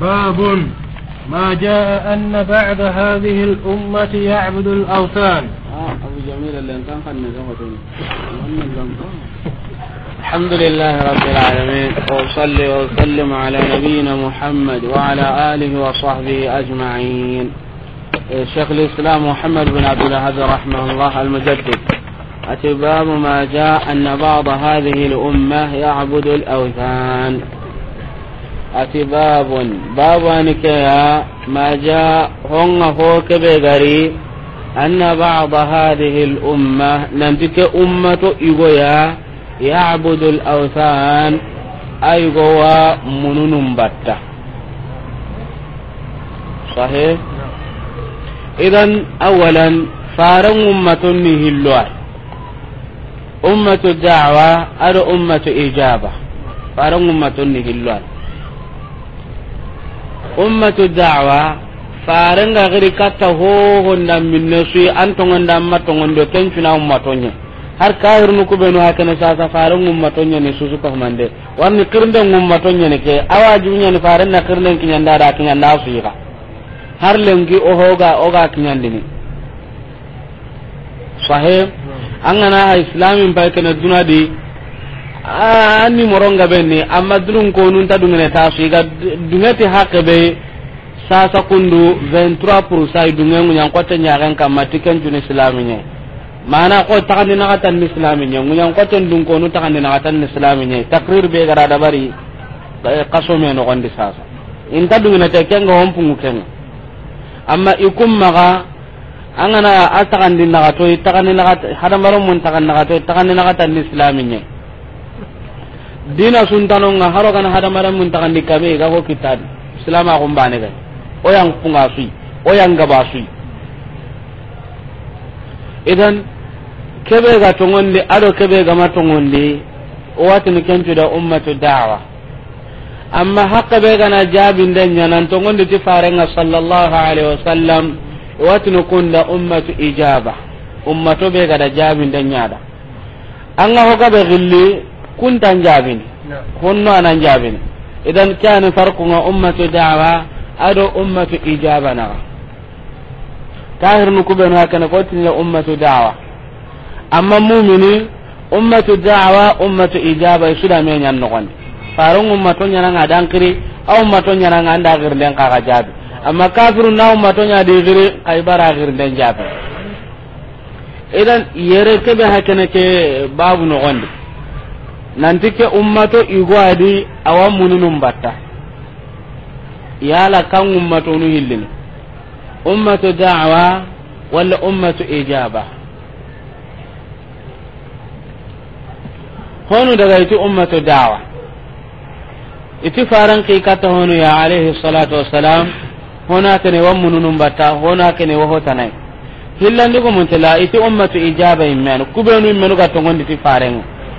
باب ما جاء أن بعد هذه الأمة يعبد الأوثان الحمد لله رب العالمين وأصلي وأسلم على نبينا محمد وعلى آله وصحبه أجمعين شيخ الإسلام محمد بن عبد الله رحمه الله المجدد أتباب ما جاء أن بعض هذه الأمة يعبد الأوثان أتباب باب أنكيا ما جاء هم هوك بغري أن بعض هذه الأمة نمتك أمة إيغويا يعبد الأوثان أيغوا منون بطة صحيح نعم. إذا أولا فارم أمة نهلوات ummatu da'wa ado ummatu ijaba faran ummatu ni hilwan ummatu da'wa faran ga gari katta ho honda minne su an to ngonda ndo tenchu na ummatu ummatonya har kahir nu kubenu hakana sasa faran ummatonya ne susu ko mande warni kirnden ummatonya ne ke nya ne faran na kirnden kinyanda da kinyanda su yika har lengi o hoga oga kinyandini sahib angana ha islamin pay kana dunadi anni moronga ni amma dunun ko nun ta dungene ta su ga dungati hakke be sasa kundu 23% dungen ngunya ko ta nyaren kamma tikan jun islaminye mana ko ta kan na katan islaminye ngunya ko ta dun ko nun ta kan na katan islaminye takrir be gara da bari e, kasome no gondi sasa in ta dungene ta kenga hon pungu kenga amma ikum maga angana a tagandi naga to tagandi naga hadamaro mun tagandi naga to tagandi naga tan islaminya dina suntano nga haro kan hadamaro mun tagandi kabe ga ko kitadi islama ko mbane ga o yang punga sui o yang gaba sui idan kebe ga tongondi ado kebe ga matongondi wati ni kentu da ummatu da'wa amma hakka be ga na jabin den nyanan tongondi ti farenga sallallahu alaihi wasallam watinu kunda ummatu ijaba ummato be gada jabin da nyada an ga hoga be gilli kuntan jabin honno anan jabin idan farku farqunga ummatu da'wa ado ummatu ijaba na tahir nu kubenu hakana ko tinla ummatu da'wa amma mu'mini ummatu da'wa ummatu ijaba suda me nyan no kon farun ummato nyana ngadan kiri au ummato nyana nganda den ka jabi amma kafirun na ummato nya de gire kai bara gire den jabe idan yere kebe hakene ke babu no gonde nanti ke ummato igo adi awa mununum batta yala kan ummato nu umma to da'wa wala to ijaba honu daga iti to da'wa iti faran kai kata honu ya alaihi salatu wassalam hona kene wa mununum bata hona kene wa hotanai hillandi ko muntala iti ummatu ijaba imman kubenu imman ga tongon ngondi ti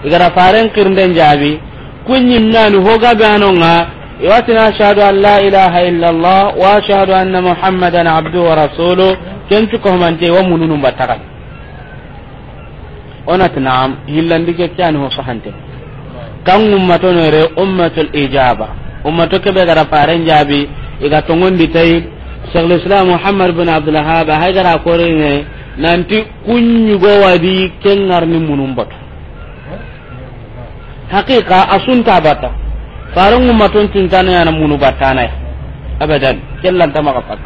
igara faren kirnden jabi kunyi ga bano nga iwatina ashhadu an la ilaha illa allah wa ashhadu anna muhammadan abduhu wa rasulu kentu ko mante wa mununum ka onat naam hillandi ke kyan ho sahante kan ummatu nere ummatul ijaba ummatu ke be gara faren jabi iga tongondi bitai shekhul islam muhammad bin abdulwahab kore korene nanti go wadi ni munum bat haqiqa ta bata farangu maton tintana yana munu batana abadan kellan ta maka pak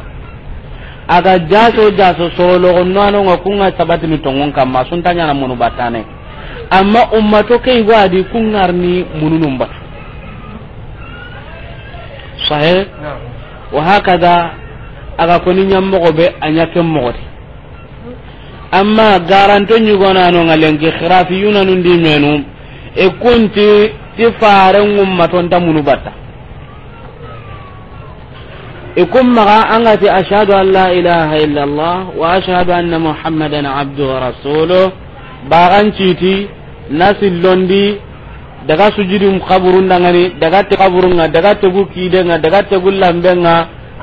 aga jaso jaso solo onno nga kunga sabati mi tongon masun ta yana munu batana amma ummato kai wadi ni mununum batu sahih wa hakaza aga koni ñammogo be a ñaken mogoti amma garanto ñigonanonga lenki hirafi yunanundi menu e kunti ti faren gumma tonta munu batta e kun maga angati ashhadu an la ilaha illa allah wa ashhadu anna muhammadan abdu wa rasuluh bagan citi na sillondi daga sujudi kaburun ngani daga te kaburun nga daga te de nga daga te gullambe nga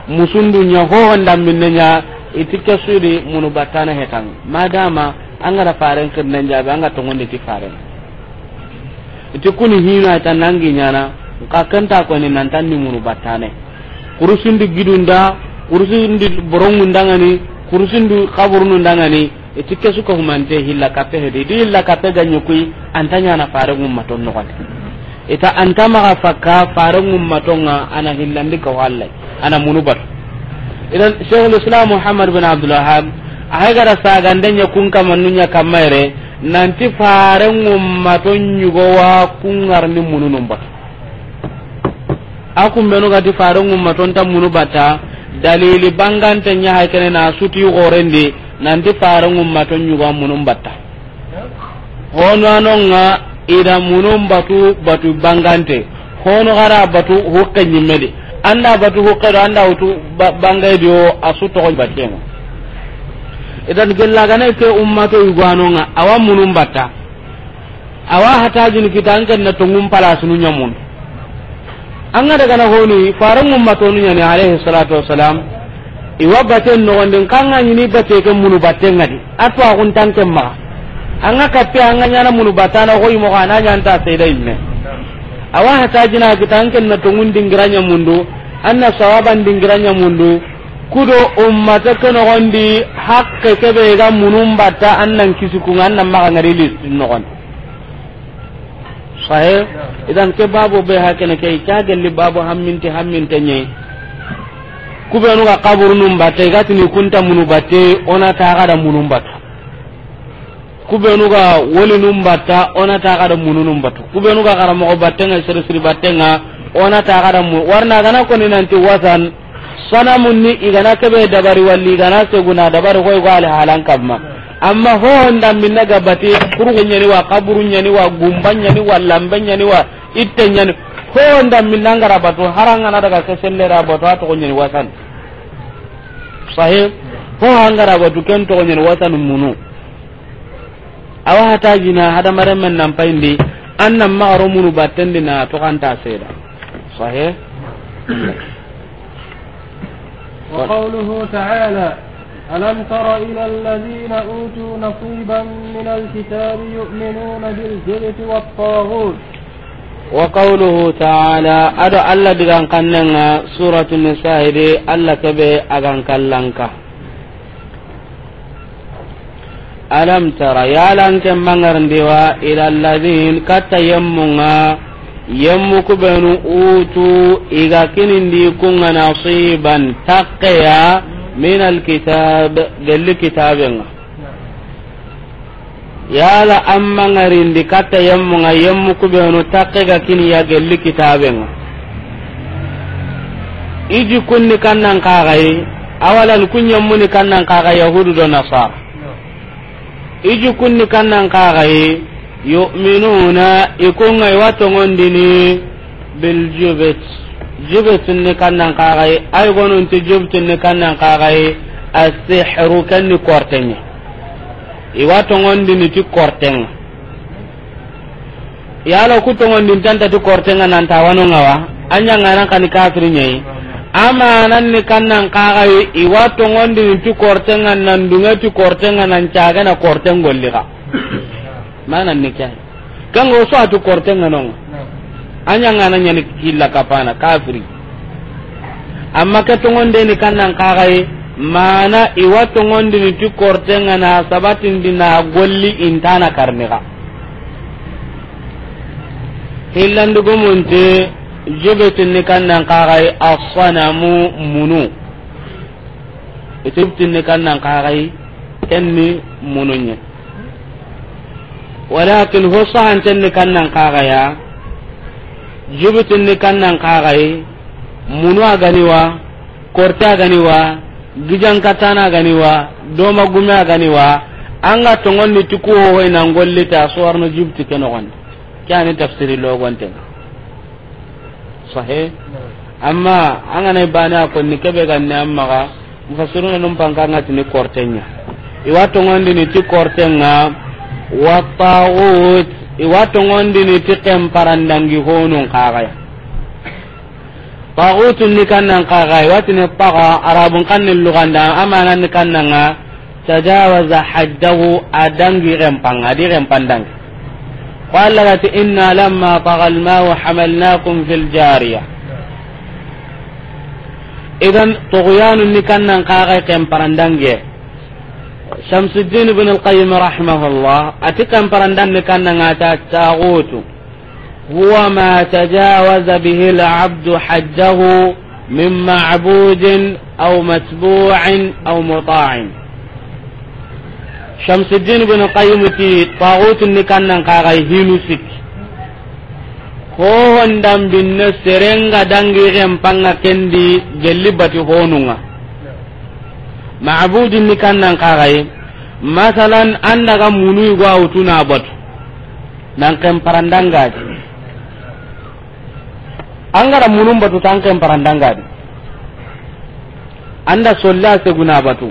musundu nya ho minne nya itike sudi munu batana hetan madama an angara faren an ga anga tongonde ti faren iti kuni hina ta nangi na ka kanta ko ni nan tan ni munu batane kurusindu gidunda ndangani kurusindu kaburun ndangani. itikke suka humante hilla kappe hedi di hilla kappe ganyi kui anta nyana fare ngumma ton no kwati ita anta maga fakka fare ngumma tonga ana hillandi ka walle ana munubat idan shaykhul islam muhammad bin abdul wahhab ahagara sagandenya kun kamannunya kamere nanti fare ngumma ton nyugo kun kungar ni munu bat akum menu gati fare ngumma ton ta batta dalili bangante nya kene na suti gorendi nanti farengum maton nyuga munum batta hono anonga ida munum batu batu bangante hono gara batu hukka anda batu hukka anda utu dio idan ke ummato awa munum batta awa na nyamun anga daga na honi nyani alaihi salatu wassalam iwa baten nogondin kanga bate ke munu ngadi atwa kun tante ma anga kappe anga nyana munu battana xoyimoxo ana ñanta seeda imme awa hatajina kita anken na tungun dingiranya mundu anna sawaban dingiranya mundu kudo ummata kenogondi hakke kebe ga munum bata annan kisikunga annan maxa ngari listin nogondi sahe idan ke babu be hakene ke ka gelli babu hamminti hammintenye kubenu ga kaburu num batte gati ni kunta munu batte ona taa ga da munu batu ga woli num batta ona taa ga da munu num batu kubenu ga gara mo batte ngai siri sir batte nga ona taa ga da warna gana ko ni nanti wasan sanamun ni igana kebe dabari walli igana seguna dabari koy ali halan kamma amma hoon ndam minna gabati kuru nyani wa kaburu nyani wa nyani wa lambe nyani wa itte nyani ko milanga rabatu haranga na daga kesellera batu a togoñeni wasan sahih ko rabatu kento kwenye togoñeni wasan munu awa hatajina hadamaren men nan payindi an nan maxaro munu battendi na toganta seeda sahih وقوله تعالى ألم تر إلى الذين أوتوا نصيبا من الكتاب يؤمنون بالجبت والطاغوت waƙo wuluhu ta wada ado allah digan kanna na surat nusar edda allah tabe ka. adam tara yalan ta mangarnirawa ilalajen karta yamma yamma ko bai utu ya yi tun hukumar kuka nasibar min alkisa da gali yala amma ngari ndi katta yammu nga yammu kubenu takke ga kini ya gelli kitabenga iji kunni kannan kagai awalan kunyammuni kannan kaga yahudu do nasara iji kunni kannan kagai yu'minuna ikunga watongondini bil jubit jubit ni kannan kagai ay jubit ni kannan as-sihru kanni kortenya iwa tongondini ti kortenga yala ku tongondini tantati kortenga nantawanonga wa anyangana kani kafiri ñayi amananni kannan kaxayi iwa tongondini ti kortenga nan dunge ti kortenga nan cagana korten gollixa mananni ke kanga so ati kortenga nonga anyangana ñani killa kapana kafiri amma ke tongondeni kannan kaxayi mana iwa tongondini ti kortenga na sabatindi na golli intana karniga hillandugumunti jibitinni kannan kaxay asanamu munu itibtinni kannan kaxay kenni mununye walakin ho sahantenni kannan kaxaya jibitinni kannan kaxay munu aganiwa korte aganiwa gijan katana gani wa doma gume gani wa anga tongon ni tuku ho ina ngolli ta suwar no jibti keno gon kyani tafsiri lo gon ten sahih amma anga ne bana ko ni kebe gan ne amma ga mufassiruna num ngat ni kortenya iwa tongon ni ti kortenga wa i iwa tongon ni ti kemparandangi honung kaya. طاغوت اللي كان نقا الطغى عرب كان اللغة أما أن تجاوز حده أدم غيرمبان غيرمبان دانك قال لك إنا لما طغى الماء حملناكم في الجارية إذا طغيان اللي كان نقا غاي شمس الدين بن القيم رحمه الله أتكم براندان كان تاغوتو هو ما تجاوز به العبد حده من معبود أو متبوع أو مطاع شمس الدين بن قيم تي طاغوت نكنا قاغي هينوسك hohon dambinne serenga dangiren panga kendi gellibati honunga mabudinni kannan kagaye masalan andaga munuygo awutuna batu nanken parandangaji angara munum batu tanken parandangadi anda solla seguna batu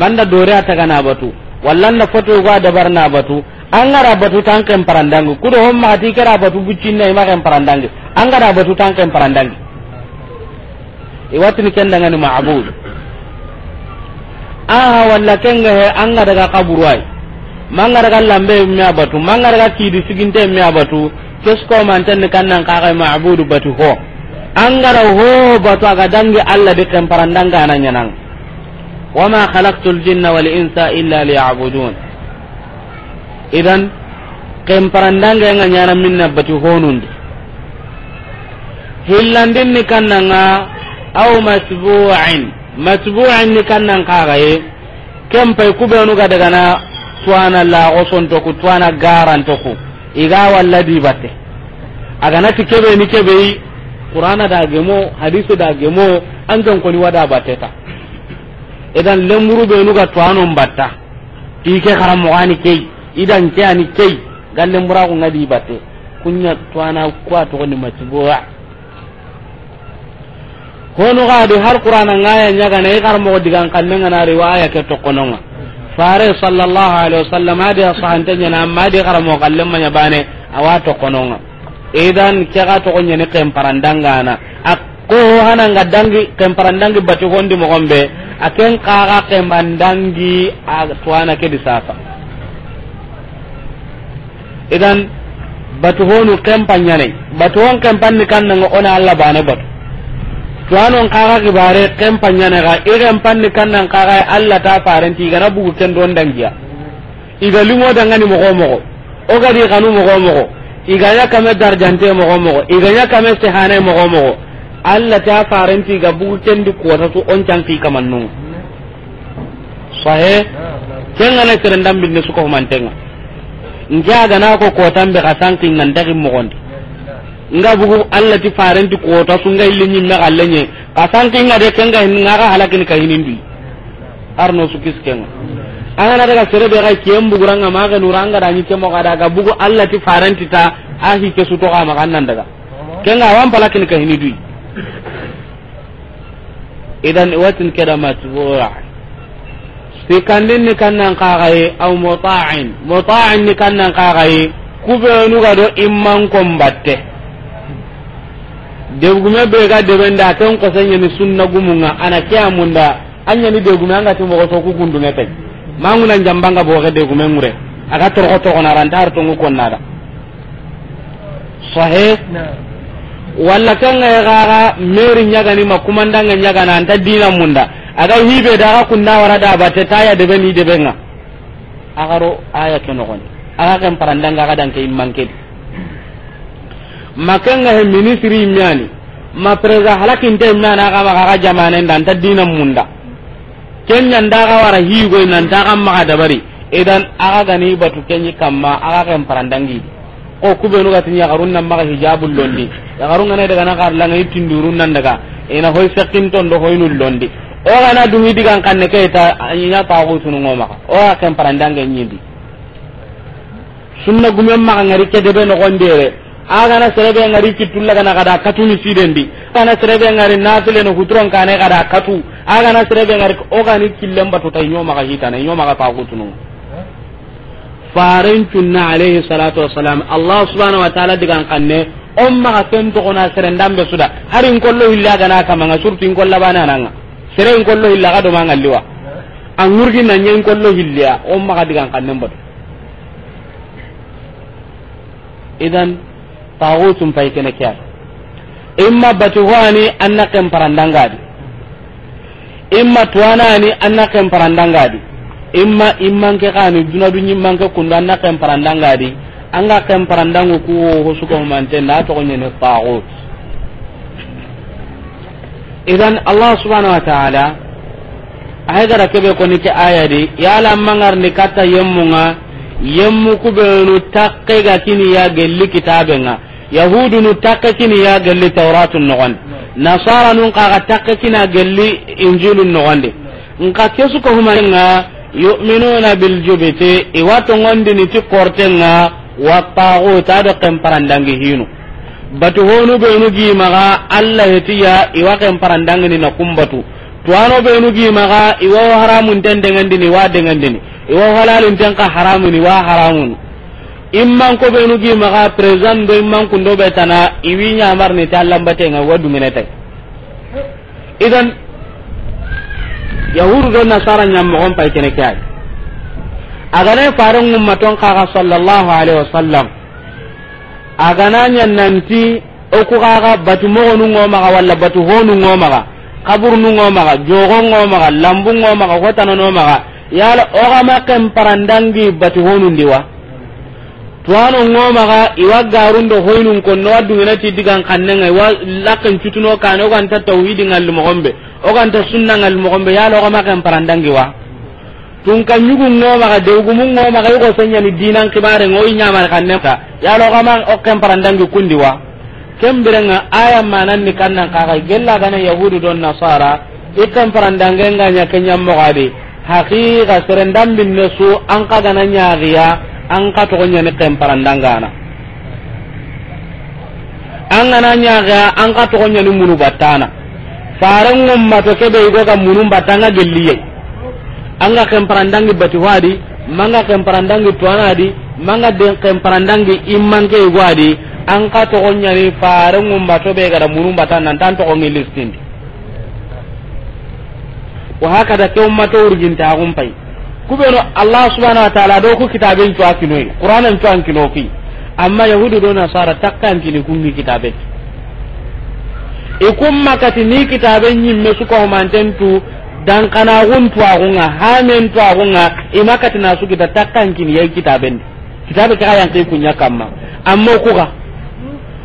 manda dore atagana batu wallanda foto ga dabarna batu angara batu tanken parandangu kudo homma ati kara batu buccinna ima ken parandangu angara batu kenda parandangu iwatini kendangani ma'bud aha walla kenga he anga daga kaburu ay manga daga lambe mi abatu manga daga kidi siginte mi abatu kesko manten kannan kaga ma'budu batu ho angara ho batu aga dangi alla de kan parandanga nan nan ma khalaqtul jinna wal insa illa liya'budun idan kan parandanga nan nyana minna batu honun hillandin ni a aw masbu'in masbu'in ni kannan nan ye kempai pai kubenu ga daga na tuana la goson to ku tuana garan to ku iga walla di batte na ti kebe ni kebe yi qur'ana da gemo hadisi da gemo an kan koni wada ta idan lemuru be nuga tuano batta ke karamo ani kei idan ke ani kei galle mura ko ngadi batte kunya tuana kwa to ni matbu'a hono de har qur'ana ngaya nyaga ne karamo digan kallenga na riwaya ke to kononga fare sallallahu alaihi wasallam adi sahante nyana amma di garamo kallem manya bane awato kononga idan kaga to gonya ne kem parandangana akko hana ngadangi kem parandangi batu hondi mo gombe aken kaga kem bandangi tuana ke disasa idan batu honu kem panyane batu hon kem panni kanna ngona Allah bane batu tuwanon kaga gibare ken panyane ga iren panni kannan kaga Allah ta farenti igana bugu ken don dangiya iga lingo dangani mogo mogo o di kanu mogo mogo iga ya kame darjante mogo mogo iga ya kame sehane mogo mogo Allah ta farenti ga bugu ken di kota su on canki kamannu sahe ken ngana tirendam binne suko mantenga njaga na ko kotambe kasanki ngandagi mogondi nga bugu allah ti farenti kota sunga illi ñimme galle ñe ka nga de kenga ngaga halakini ka hinindi arno sukis kenga angana daga sere serebe ga ken buguranga maga nuranga da ñi kemo kada ga bugu allah ti farenti ta a hike suto ga maga nan daga kenga wan palakini ka hinidi idan watin keda matbu'a sikandin ni kan kannan kagaye aw muta'in muta'in ni kan kannan kagaye kubenu ga do imman kombatte debugume be ga debenda ken kosenya ni sunna gumunga ana kya munda anya ni debugume anga timo ko soku gundu ne tay manguna jambanga bo ga debugume ngure aga torko to ona ran dar to ngukon nada sahih walla kanga ya gara meri nyaga ni makumandanga nyaga na anta dina munda aga hibe da ga kunna wara da bate taya de beni de benga agaro aya kenogon aga kan parandanga ga dan ke immankedi makenga he ministri imyani ma preza halakinte imyani aga maga aga jamanen da anta dina munda kenya ndaga wara higo ina ndaga maga dabari idan aga gani batu kenyi kamma aga kan parandangi ko kubenu gatin ya garun nan maga hijabul londi ya garun ngana daga na garla ngai tindurun nan daga ina hoy sakin ton do londi o gana dungi digan kanne kayta anya tawu sunu ngoma o aga kan parandangi nyindi sunna gumen maga ngari kedebe no gondere agana serebe ngari kitulla kana kada katu ni sidendi agana serebe ngari nafile no hutron kane kada katu agana serebe ngari ogani killemba to tay nyoma ka hitana nyoma ka pagutunu farin tunna alayhi salatu wassalam allah subhanahu wa ta'ala digan kanne on maga ken togona serendambe suda harin kollo hilla kama kamanga surtu in kolla bana nanga sere in kollo hilla ga do manga liwa an ngurgi na nyen kollo hilla on maga digan kanne mbado idan tagutum pay kene kya imma batu wani anna kem parandangadi imma tuwanani anna kem parandangadi imma imman ke kani duna dunyi iman ke kundu anna kem parandangadi anga kem parandangu ku ho suko mante na to ne tagut idan allah subhanahu wa ta'ala ahegara kebe koni ke ayadi yala mangar ni kata yemmunga yemmu kubenu takke ga kini ya gelli kitabenga yahudu nu takkakini ya gelli tawratun nogondi nasara nun kaga takkakina gelli injilun nogondi nka kesu ko humanenga yu'minuna bil jubiti iwato ngondi ni ti kortenga wa da ado kemparandangi hinu batu honu gi gimaga allah hetiya iwa kemparandangi ni nakumbatu tuwano gi gimaga iwa haramun ten dengandini wa dengandini iwa halalun ten ka haramun wa haramun imman ko nugi ma ha president do imman kun do betana iwi mar ni tallam bate nga wadu tay idan yahudu do nasara nya mo on pay kene kay agane faron ummaton ton kaga sallallahu alaihi wasallam agana nya nanti o ku kaga batu mo onu ngo ma wala batu honu ngo ma kabur nu ngo ma jogo ngo ma lambu ngoma ga hotana ngoma ga yala o ga ma kem parandangi batu honu ndiwa tuwano ngomaga iwa garundo hoynun konno wa dungenati digan kannenga iwa lakkan cutuno kane al tawhidi o kan ta sunna ngalli mogonɓe yala parandangi wa. tun kan ñugu ngomaga dewgumu ngomaga sanya ni dinan kibare ngo i ñamani kannenka yala o kan parandangi kembere nga aya mananni kannan kaga gellagana yahudu don nasara i ken parandangenga ña ke ñammogadi haqiqa serendambinne su an kagana ñagiya an ka togo ñani kemparandangana an gana ñaga an ka togo ñani munu battana faren gommato keɓe igoga munu batta an ga gelliyey an ga kemparandangi bati hoadi manga kemparandangi tuwanadi manga den kemparandangi immanke igo adi an ka togo ñani faren gommato ɓe gada munu batta nantan togo ngi listindi wa hakada ke ummato urgintaxum pay kubero allah subhanahu wa ta'ala do ku kitaben to akinoi qur'anan to an kinoki amma yahudu do nasara takkan kini kungi kitaben ikum makati ni kitaben me su ko tu dan kana gun tu agunga hamen tu agunga imakati nasu kita takkan kini yai kitaben kitabe ka yan kai kunya kamma amma ku ga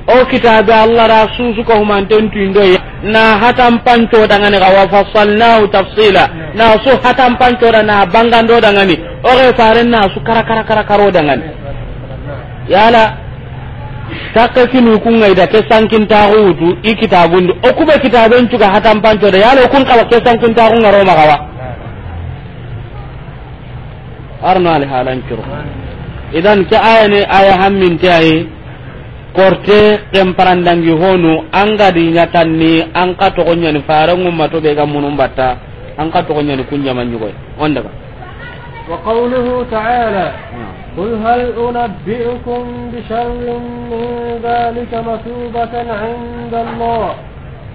o kitabe allah ra susu ko humanten tuindoya na hatan panco pancodangani xa wa fassalnahu tafsila na su hatan panco da na bangando o oxe faren na su kara kara kara karodangani yala takke kinu kun kungai da ke sankin taxuutu i kitabundi o kuɓe kitaben cuga hatan panco pancoda yala o kun xawa ke sankin taxungaroma xawa arno alihalan curo idan ke ayani aya hammin te ayi korte kemparandangi honu anga di nyatanni angka to nyani farangu mato be kam munum batta angka to nyani kunya manyugo on daga wa qawluhu ta'ala قل هل أنبئكم بشر من ذلك مثوبة عند الله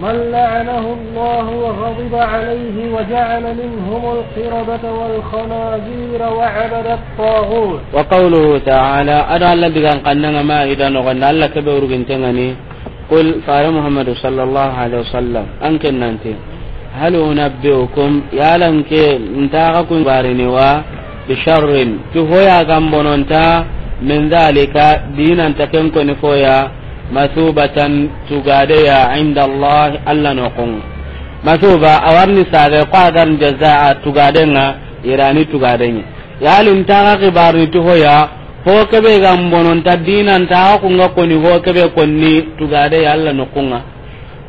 من لعنه الله وغضب عليه وجعل منهم القربة والخنازير وعبد الطاغوت وقوله تعالى أدعى الذي كان قلنا ما إذا نغنى الله كبير جنتنني قل قال محمد صلى الله عليه وسلم أنك أنت هل أنبئكم يا لنك انتاغكم بارنوا بشر تهويا غنبنونتا من ذلك دينا تكنكن فويا masubatan tugadeya inda allah allah kun masuba awarni sare qadan jazaa tugadenga irani tugadenye yalin taga to hoya ho kebe bonon ta dinan taga kunga ni ho kebe konni tugade ya allah noqonga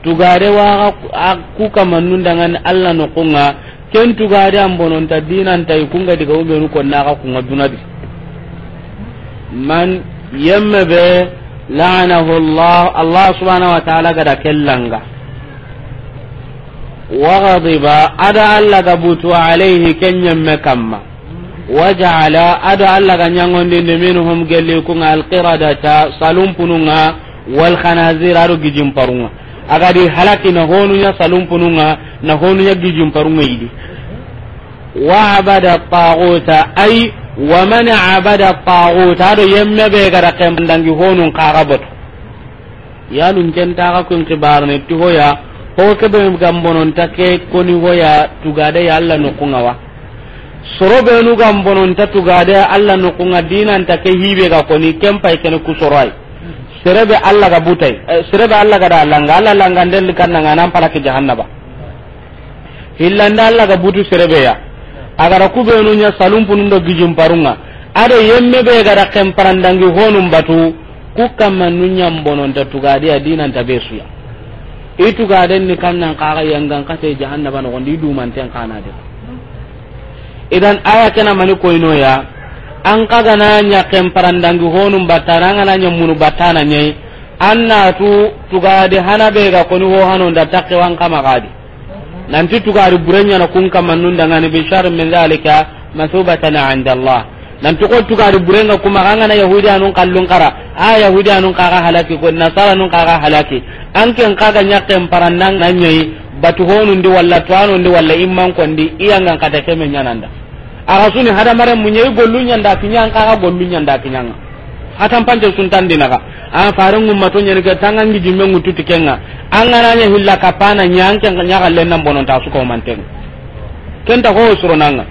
tugade waga ku kamannun dangan allah noqonga ken tugade bonon ta dinan tay kunga diga umenu konna ku ngaduna bi man yamma be la'anahu Allah Allah subhanahu wa gada kellanga wa ga butu alaihi kenyan me kamma wa ja'ala ada Allah ga nyangondi de minhum gelli ku ngal qiradata salum pununga wal khanazir aru gijim wa man abada taghut ado yemme be gara dangi honun qarabot lun jenta ka kun ne tu hoya ho ke be gambonon take koni hoya tugade ya alla nukunga wa soro be nu gambonon ta tugade alla nukunga dinan take hibe ga koni kempai kene kusorai serebe alla ga butai serebe alla ga da langa Allah langa ndel kanna ngana pala para ke jahannaba hillanda alla ga butu serebe ya agara kubenu nya salumpunun do gijum parunga ado yemme be gara kem parandangi honum batu ku kamma nunya mbononta ta tugadi adina besuya itu ga den ni kannan kaga yangan kate jahannaba no gondi du man tan kana de idan aya kana mani koyno ya an kaga na nya kem parandangi honum bataranga na nya munu batana nyai anna tu tugadi hanabe ga koni ho hanon da takwan kama gadi nanti tugari burenya na kun manun dangani bi bishar min zalika masubatan inda Allah nanti ko tugari burenga kuma kanga na yahudi anun kallun kara a ah, yahudi anun kara halaki ko nasara anun kara halaki an ken kaga nyakem parandang nanyai batu honu ndi walla tuanu ndi walla imman kondi iyangan kata keme nyananda aga suni hada mare munyai gollu nda kinyan kaga gollu nda kinyanga hatan pande suntan tandinaga an farin ngumma to nyani ga tangan gi jimme ngutu tikenga angana nya hilla kapana nyanke kan nya galle nan bonon ta su ko manten ken ta ko suro nanga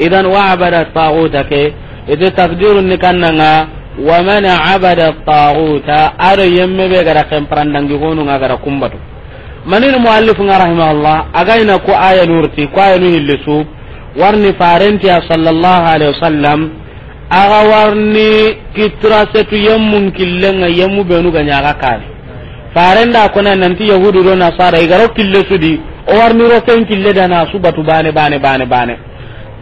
idan wa abada taghuta ke ide takdirun ni kannanga wa man abada taghuta ar yemme be gara kan gi gonu nga gara kumbatu manin muallif nga rahimahullah aga ina ko aya nurti ko aya nu lisu warni farenti sallallahu alaihi wasallam aga warni kitra setu yemmun killenga yemmu benu ganya aga kare farenda kona nanti yahudu do nasara igaro kille sudi o warni ro ken kille dana subatu bane bane bane bane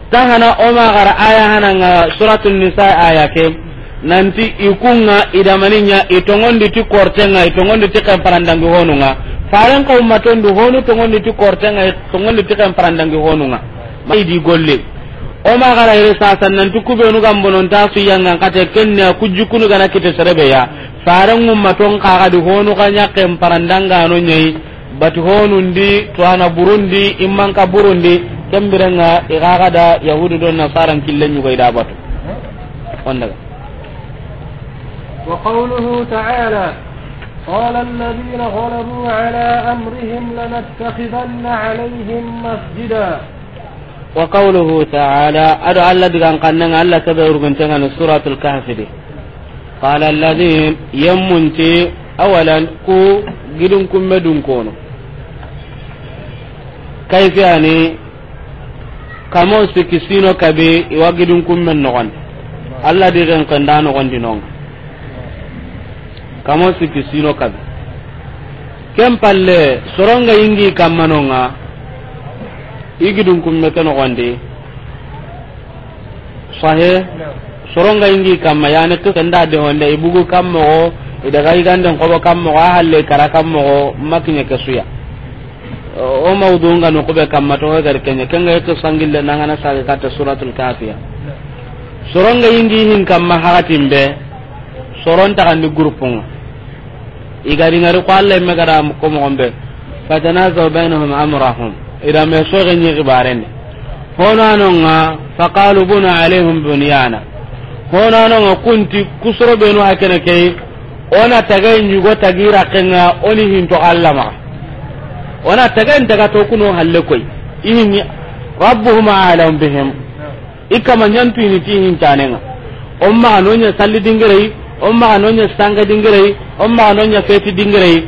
tahana oma gara aya hananga suratul nisa aya ke nanti ikunga idamaninya itongondi ti kortenga itongondi ti kamparandangi honunga faren ka ummaton du honu tongondi ti kortenga tongondi ti kamparandangi honunga mai di golle o ma gara ire sasan nan tu kubenu gam bonon ta su yanga kate kenya kujukunu gana kite serebe ya faran umma ka kaga di honu kanya kem parandanga no nyai bati honu ndi to ana burundi imman ka burundi kembirenga igaga da yahudu don nasaran killen yugo ida batu onda wa qawluhu ta'ala قال الذين غلبوا على أمرهم لنتخذن عليهم مسجدا wa qawluhu ta'ala adu alla digan kannanga alla kabe urguntenga no suratul kahf de qala alladhi yamunti awalan ku gidun kum medun kono kayfi ani kamo sikisino kabe iwa gidun kum kumme nogon alla digan kanda nogon dinonga kamo sikisino kabe kempalle soronga ingi kamanonga igidun kumme ke wande sahe soronga ingi kamma to wande ibugo kammo o ida gai gandan ko kammo a halle kara kammo o makinya suya o mawdu nga nukube kamma togo gari kenye kenga yeke sangille nangana sage katta suratul kafiya soronga ingi hin kamma hakatin be di groupe nga igaringari ko allah ko mo komogon be fatanazaw bainahum amrahum ida me so ga nyi gibarene hono anonga faqalu buna alaihim bunyana hono anonga kunti kusro beno akene ke ona tagay nyu go tagira kenga oni hinto allama ona tagay daga to kuno halle koy inni rabbuhum alam bihim ikama nyantu ni ti hin hintanenga umma anonya salli dingirei umma anonya sanga dingirei umma anonya feti dingirei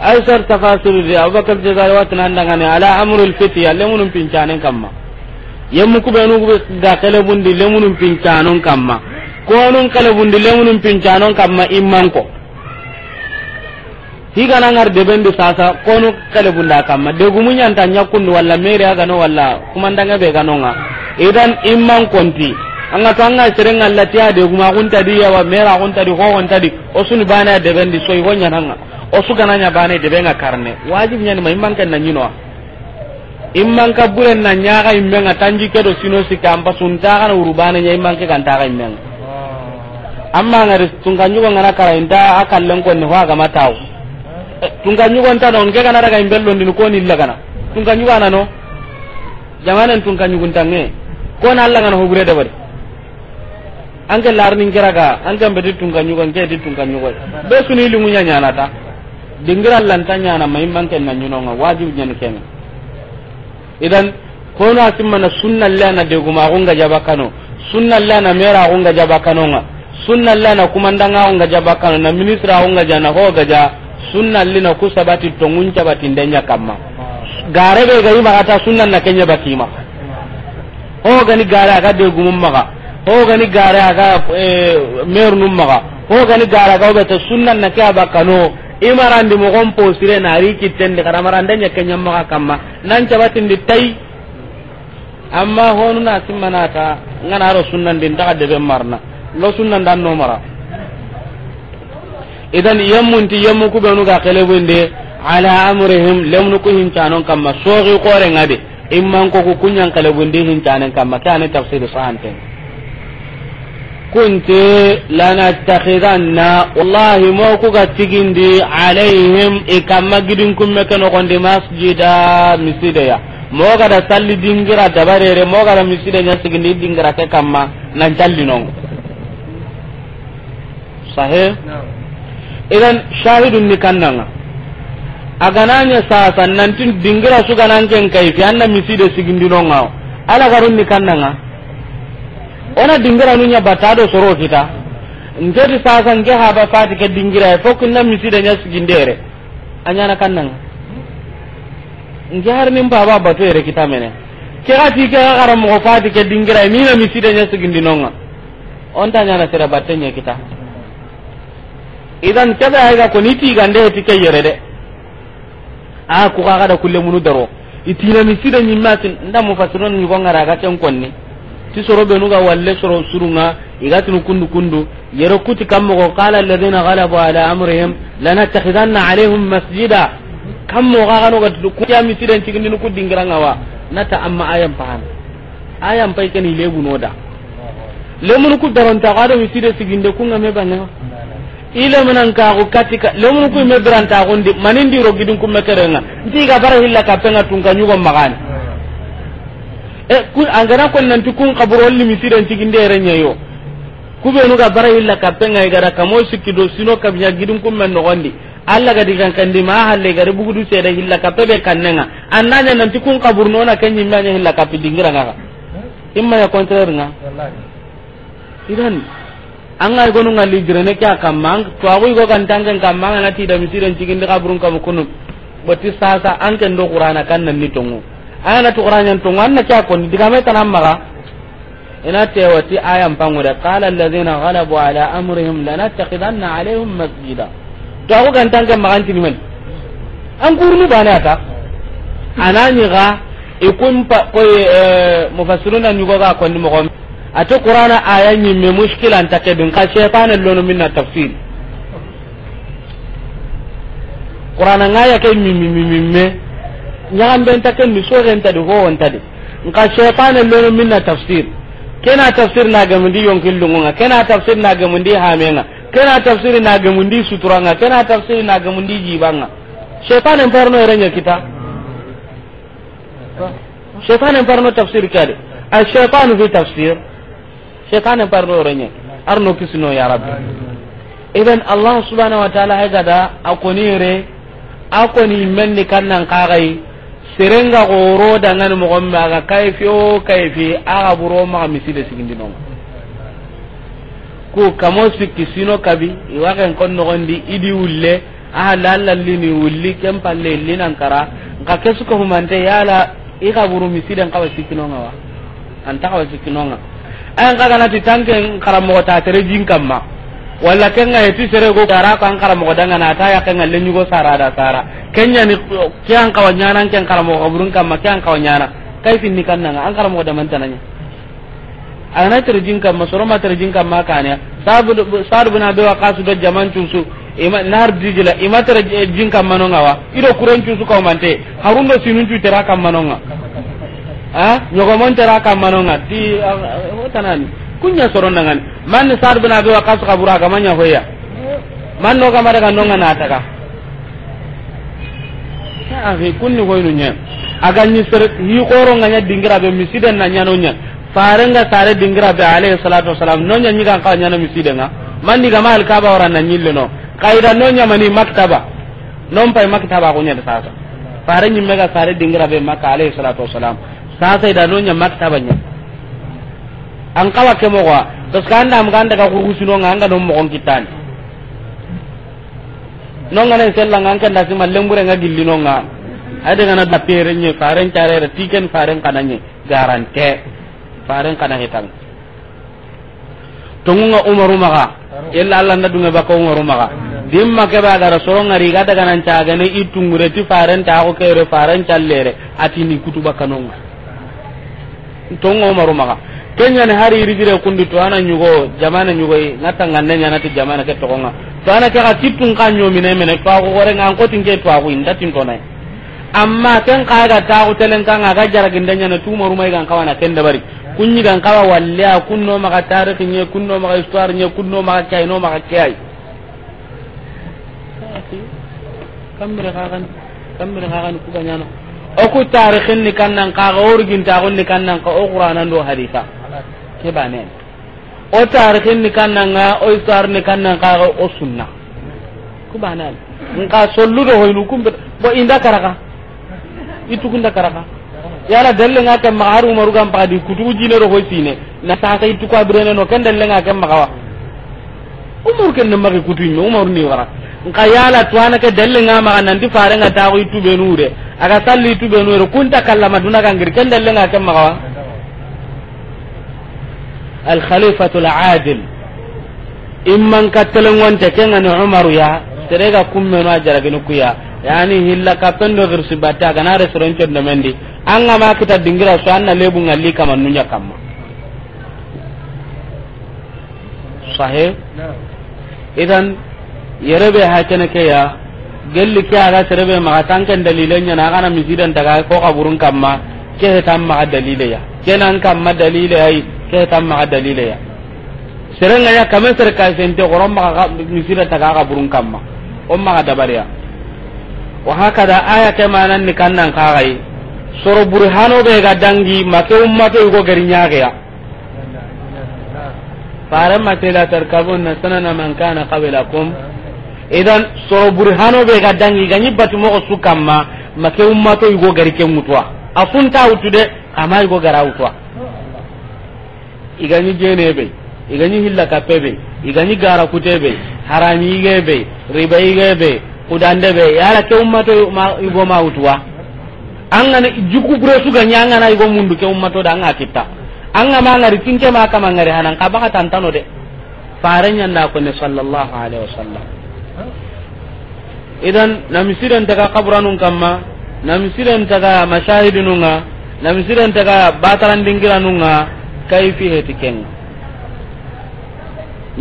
ay sar tafasir di abubakar jazari watin handangane ala amrul a lemunum pincanen kamma yemmu kubenu kube ga kelebundi lemunum pincanon kamma konun kelebundi lemunum pincanon kamma immanko higana ngar debendi sasa konu kelebunda kamma degumuñanta ñakkundu wala mairi agano walla kumandanga ɓe ganonga idan imman konti anga to anga serenga allati a deguma xuntadi yawa maire a xuntadi hoxontadi o suni bane a debendi soy ho ñananga o bane de benga karne ni ñanima kan na ñinoa ka buren na ñaga immenga tanji do sino sikke ampa suntaxana wurubane ña immanke gantaxa immenga amma ngari tunkanñugongana kara ni a ga konne ho agama taw don on ke gana daga imbellondini koni illagana tunkanñuganano jamanen tunkanñuguntange kona allagana hogure debari anke larnin ga anke mbedi tunkanñugo nke di tunkanñugo be suni linguña ta. dingira lantanya na mai ken nan nyino nga wajib nyen ken idan kono asimma na sunna na de guma gonga jabakano sunna na mera gonga jabakano nga sunna lana kumandanga gonga jabakano na ministra gonga jana ho gaja sunna lina ku sabati tongun cabati ndenya kamma gare be gayi magata sunna na kenya batima ho gani gara ga de gumum maga ho gani gare aga mer num maga ho gani gara ga be sunna na kya bakano imarandi mogon posire naari kittendi kada marandanya maka kamma nan ndi tai amma honu na ta ngana ro sunnandi ntaga debe marna lo sunnandan no mara idan yammunti yammu kubenu ga kelebunde ala amrihim lemnu ku hincanon kamma sogi kore ngade imman ko ku kunyan hin hincanen kamma kane tafsir sahante kunte lanattakhidanna wallahi mo kuga tigindi alayhim e kamma gidin kumme ke nogondi masjida misideya mogada salli dingira dabarere mogada miside nya sigindi dingira ke kamma nan calli nongo sahe idan shahidun ni kannanga agananya sasa nantin dingira su sugananken kayfi anna miside sigindi nonga ala garun ni kannanga ona dingira nunya batado soro kita ngeti sasa nge haba fati ke dingira fo kunna misida nya sigindere anyana kannan nge har min baba bato ere kita mene ke gati ke gara mo fati ke dingira mi na misida nya sigindinonga on tanya na tira batenya kita idan kada ga ko niti gande ti ke yere de a ku ga da kulle munu daro itina misida nyimma tin nda mu fasirun ni gonga raga ken konni ti soro be nuga walle soro surunga igatinu kundu kundu yero kuti kammogo qala alladhina ghalabu ala amrihim lanattakhidanna alayhim masjida kammo ga gano ga kutiya misiren nu dinu ngiranga wa nata amma ayam pahan ayam pai ken ile bu noda le mun ku daronta ga do misire siginde ku ngame banna ile manan ka ku katika le mun ku me daranta gondi manindi ku me kerenga ndi ga bara hilla ka tanga tunga nyugo magani e eh, kun angana ko nan tukun walli limi sidan tiginde renya yo kubenu ga bara illa kapenga gara kamo do sino kabinya gidun men no gondi alla ga digan kandi ma halle ga bugu du seda illa kapebe kannenga annanya nan tukun qabru no na kanyi manya illa kapidingira nga imma ya contraire nga idan an ga gonu ngali jirene kya kamang to agu go kan tangen kamang na ti da misiren tigin de qabru kamu kunu boti sa an ken do qur'ana kan nan ni tongu aya tu qur'an to nganna kya ko diga me tanam maga ina tewati aya pangude qala alladhina ghalabu ala amrihim lanattakhidanna alaihim masjida to ko kan tanga maganti men an kurnu bana ta anani ga ikun pa ko eh, mufassiruna nyugo ga ko ni mo ato qur'ana aya me mushkilan ta ke bin ka shaytanan lonu minna tafsir qur'ana ngaya ke mi mi mi me ñaxanɓen ta ken ni soxentadi howontadi nka cheitane lonu minna tafsir kena tafsir nagamundi yonkillungunga kena tafsir nagamundi e hamenga kena tafsir sutura e suturanga kena tafsir nagamundi e jibanga cheitane mparno erenye kita cheitane mparno tafsir kade الشيطان في تفسير شيطان arno رني ya rabbi idan allah subhanahu wa ta'ala وتعالى akoni re akoni أكوني مني كان نقاغي serenga goro dangani mogonɓe aga kayfi o kayfi aga ɓuro maga miside sigindinonga ku kamo sikki sino kabi iwaken kon nogondi idi wulle aha lallallini wulli ken palle illinankara nka ke suka humante yala i ka ɓuru misiden kawa sikkinonga wa anta kawa sikkinonga ayan kaganati tanke karamogo tatere jin kamma wala. kenga heti sere go ko an kara mo danga na ta ya kenga sara da sara kenya ni ke an kawa nyana ken kara mo kam ma ke an kawa nyana kai fin ni kannanga an kara mo da ana terjin kam ma soro ma terjin kam ma sabu sabu be wa kasu do jaman ima nar dijila ima terjin eh, kam wa ido ko mante sinun tera kam ha nyogo mon tera kam ti ah, ah, tanani kunya dengan man sar bin abi waqas kabura kamanya hoya man no gamare kan no ngana ataka ya afi kunni hoynu nya aga ni ser hi qoro nganya dingira be misiden na no nya fare sare dingira be alayhi salatu wasalam no nya nyiga ka nyano misiden nga man ni gamal kaba ora na nyille no kaida no nya mani maktaba non pay maktaba ko nya sa farengi fare sare dingira be makka alayhi salatu sa sa ida no nya maktaba nya an kawa ke mogoa parce que anda am ga anda ga kurkusinonga anga non mogon kittani nga sellanga an kenda nga lemburenga gillinonga ade gana da pere nye faren carere tiken faren kananye garante faren kana hitang nga umaru maga yella allah nda dunga baka umaru maga dimma ke ba gara soronga riga daga nan caga ne itungure ti faren ta ko kere faren callere atini kutuba kanonga tongunga umaru maga kenya ne hari dire kundi to ana nyugo jamana nyugo yi ngata ngande nyana ti jamana ke tokonga to ana ka titun ka nyomi mine mene to ko gore nga ngoti nge to ko inda tin kona amma ken ka ga ta ko telen kan ga jara ginda nyana tu maru mai gan kawana ken da bari kunyi gan kawa walla kunno maka tarihi nye kunno maka histoire nye kunno maka kai no maka kai kamre ka kan kamre ka kan ku ganyana o ku tarihin ni kannan ka ga orgin ta gon ni kannan ka o qur'anan do haditha kebane o tarihin ni kannanga o isar ni kannan kaga o sunna kubanan nka sollu do hoynu kumbe bo inda karaka itu kunda karaka yala dalle nga kam ma haru maru gam padi kutu jine ro sine na ta kay tu ko brene no kan dalle nga kam ma kawa umaru ken no magi kutu ni umaru ni wara nka yala tuana ke dalle nga ma nan di fare nga ta ko itu benure aga salli itu benure kunta kallama duna kan gir kan dalle nga kam ma kawa الخليفة adil imman kattelengonte kengani umaru ya serega kummeno a jaragini kuya yani hilla do kappendo gana re agana restaurantcondo mendi anga ma kita dingira so anna lebu ngalli kama nunya kamma sahe idan yerebe hakene ya gelli ke aga serebe maga tanken dalilenya na agana misidan daga ko kaburun kamma ke hetan maga dalile ya kenan kamma dalile ay ke tam ma dalile ya serenga ya kame ser ka sente gorom ma misira ta ga burun kamma on ma dabariya wa da aya ke manan ni kannan ka gai soro burhano be ga dangi make ummato go garinya ga ya faramma tela tarkabun sanana man kana qabilakum idan soro burhano be ga dangi ganyi batu mo su kamma make ummato go gari ke mutwa afunta utude amai go gara utwa igani jene be igani hilla kappe be igani gara kute be harami ige be riba ige be kudande be yala ke ummato ma ibo ma utwa angana juku su ga nyanga na ibo mundu ke ummato da anga kita anga ma ngari tinke ma kama ngari hanan ka baka tantano de farenya da ko ne sallallahu alaihi wasallam idan namisiran daga kabranun kamma namisiran daga mashahidinunga namisiran daga bataran dingiranunga kayfi heti kenga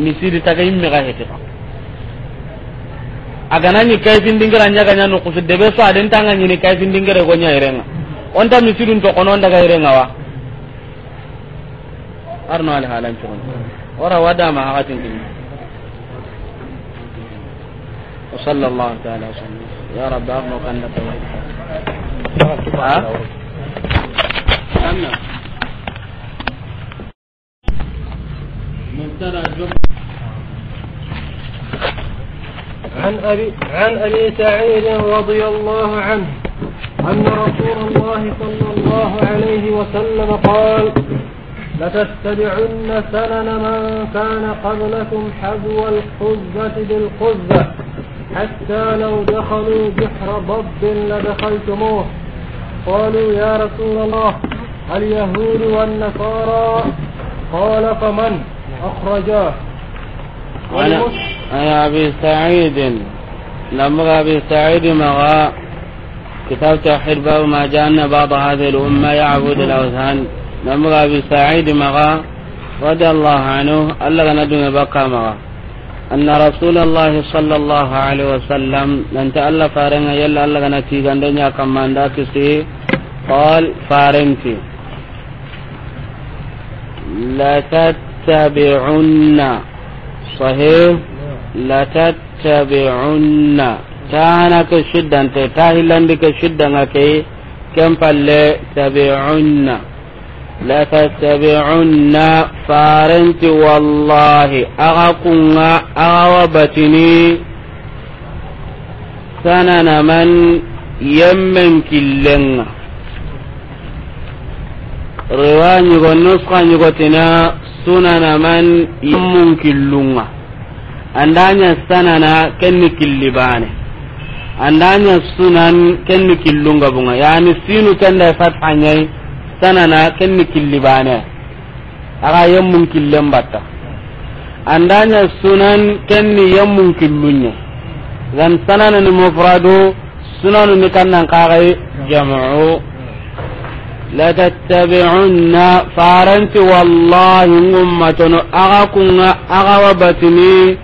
misiri taga imme ga heti ka aganani kayfin dingira nya ga nya no kusu debe so aden tanga nyini kayfin dingira go nya nyairenga onta misirun to kono ga irenga wa arno al halan chon ora wada ma hakatin kin wa sallallahu ta'ala wa sallam ya rabb arno kan kanna tawajjuh ha مبتدا جمعه عن أبي, عن أبي سعيد رضي الله عنه أن رسول الله صلى الله عليه وسلم قال لتتبعن سنن من كان قبلكم حذو القزة بالقزة حتى لو دخلوا بحر ضب لدخلتموه قالوا يا رسول الله اليهود والنصارى قال فمن أخرجاه أنا أبي سعيد لما أبي سعيد مغا كتاب توحيد باب ما جاءنا بعض هذه الأمة يعبد الأوثان لما أبي سعيد مغا رضي الله عنه ألا ندم بقى مغا أن رسول الله صلى الله عليه وسلم لن تألف فارنا يلا ألا نتيجة عندنا كمان سي قال فارنتي لا تت لتتبعن صحيح لتتبعن تانا كشدة انت تاهلان بك شدة كي كم فل تبعن لتتبعن فارنت والله أغاقنا أغاوبتني سنن من يمن كلنا riwa ñigo nuska ñigotina sunana man yammun killunga andanya sanana kenni killi bane andanya sunan kenni killunga bunga yani sinu kenda fatha nyai sanana kenni killi bane aga yammun killen batta andanya sunan kenni yammun killunya zan sanana ni mufradu sunanu ni kannan kagai jam'u la tattaabee cunaa faaranti walahi kung'a haqa kuna haqa babatani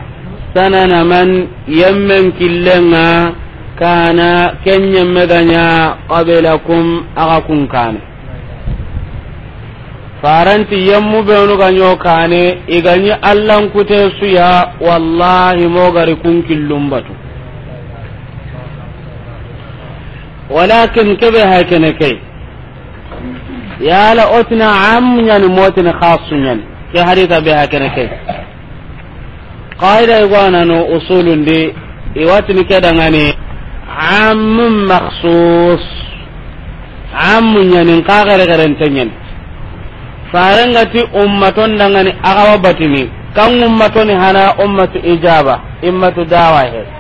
sana namaan yen maa kilaanaa kenya madaniyaa qabeelakun haqa kunkaane faaranti yen mubeenuka yookaan iganyi allan kutee suya walahi mogari kun lunbatu. walaa kan ka ba'e haakana kee. ya yala otina amnyani motini khasunyani ke hadita be hakene ke qaida igwanano usulundi iwatini ngani am makhsus am nyani kagare garentenyen farengati ummaton dangani agawa batini kan ummatoni hana ummatu ijaba immatu dawa he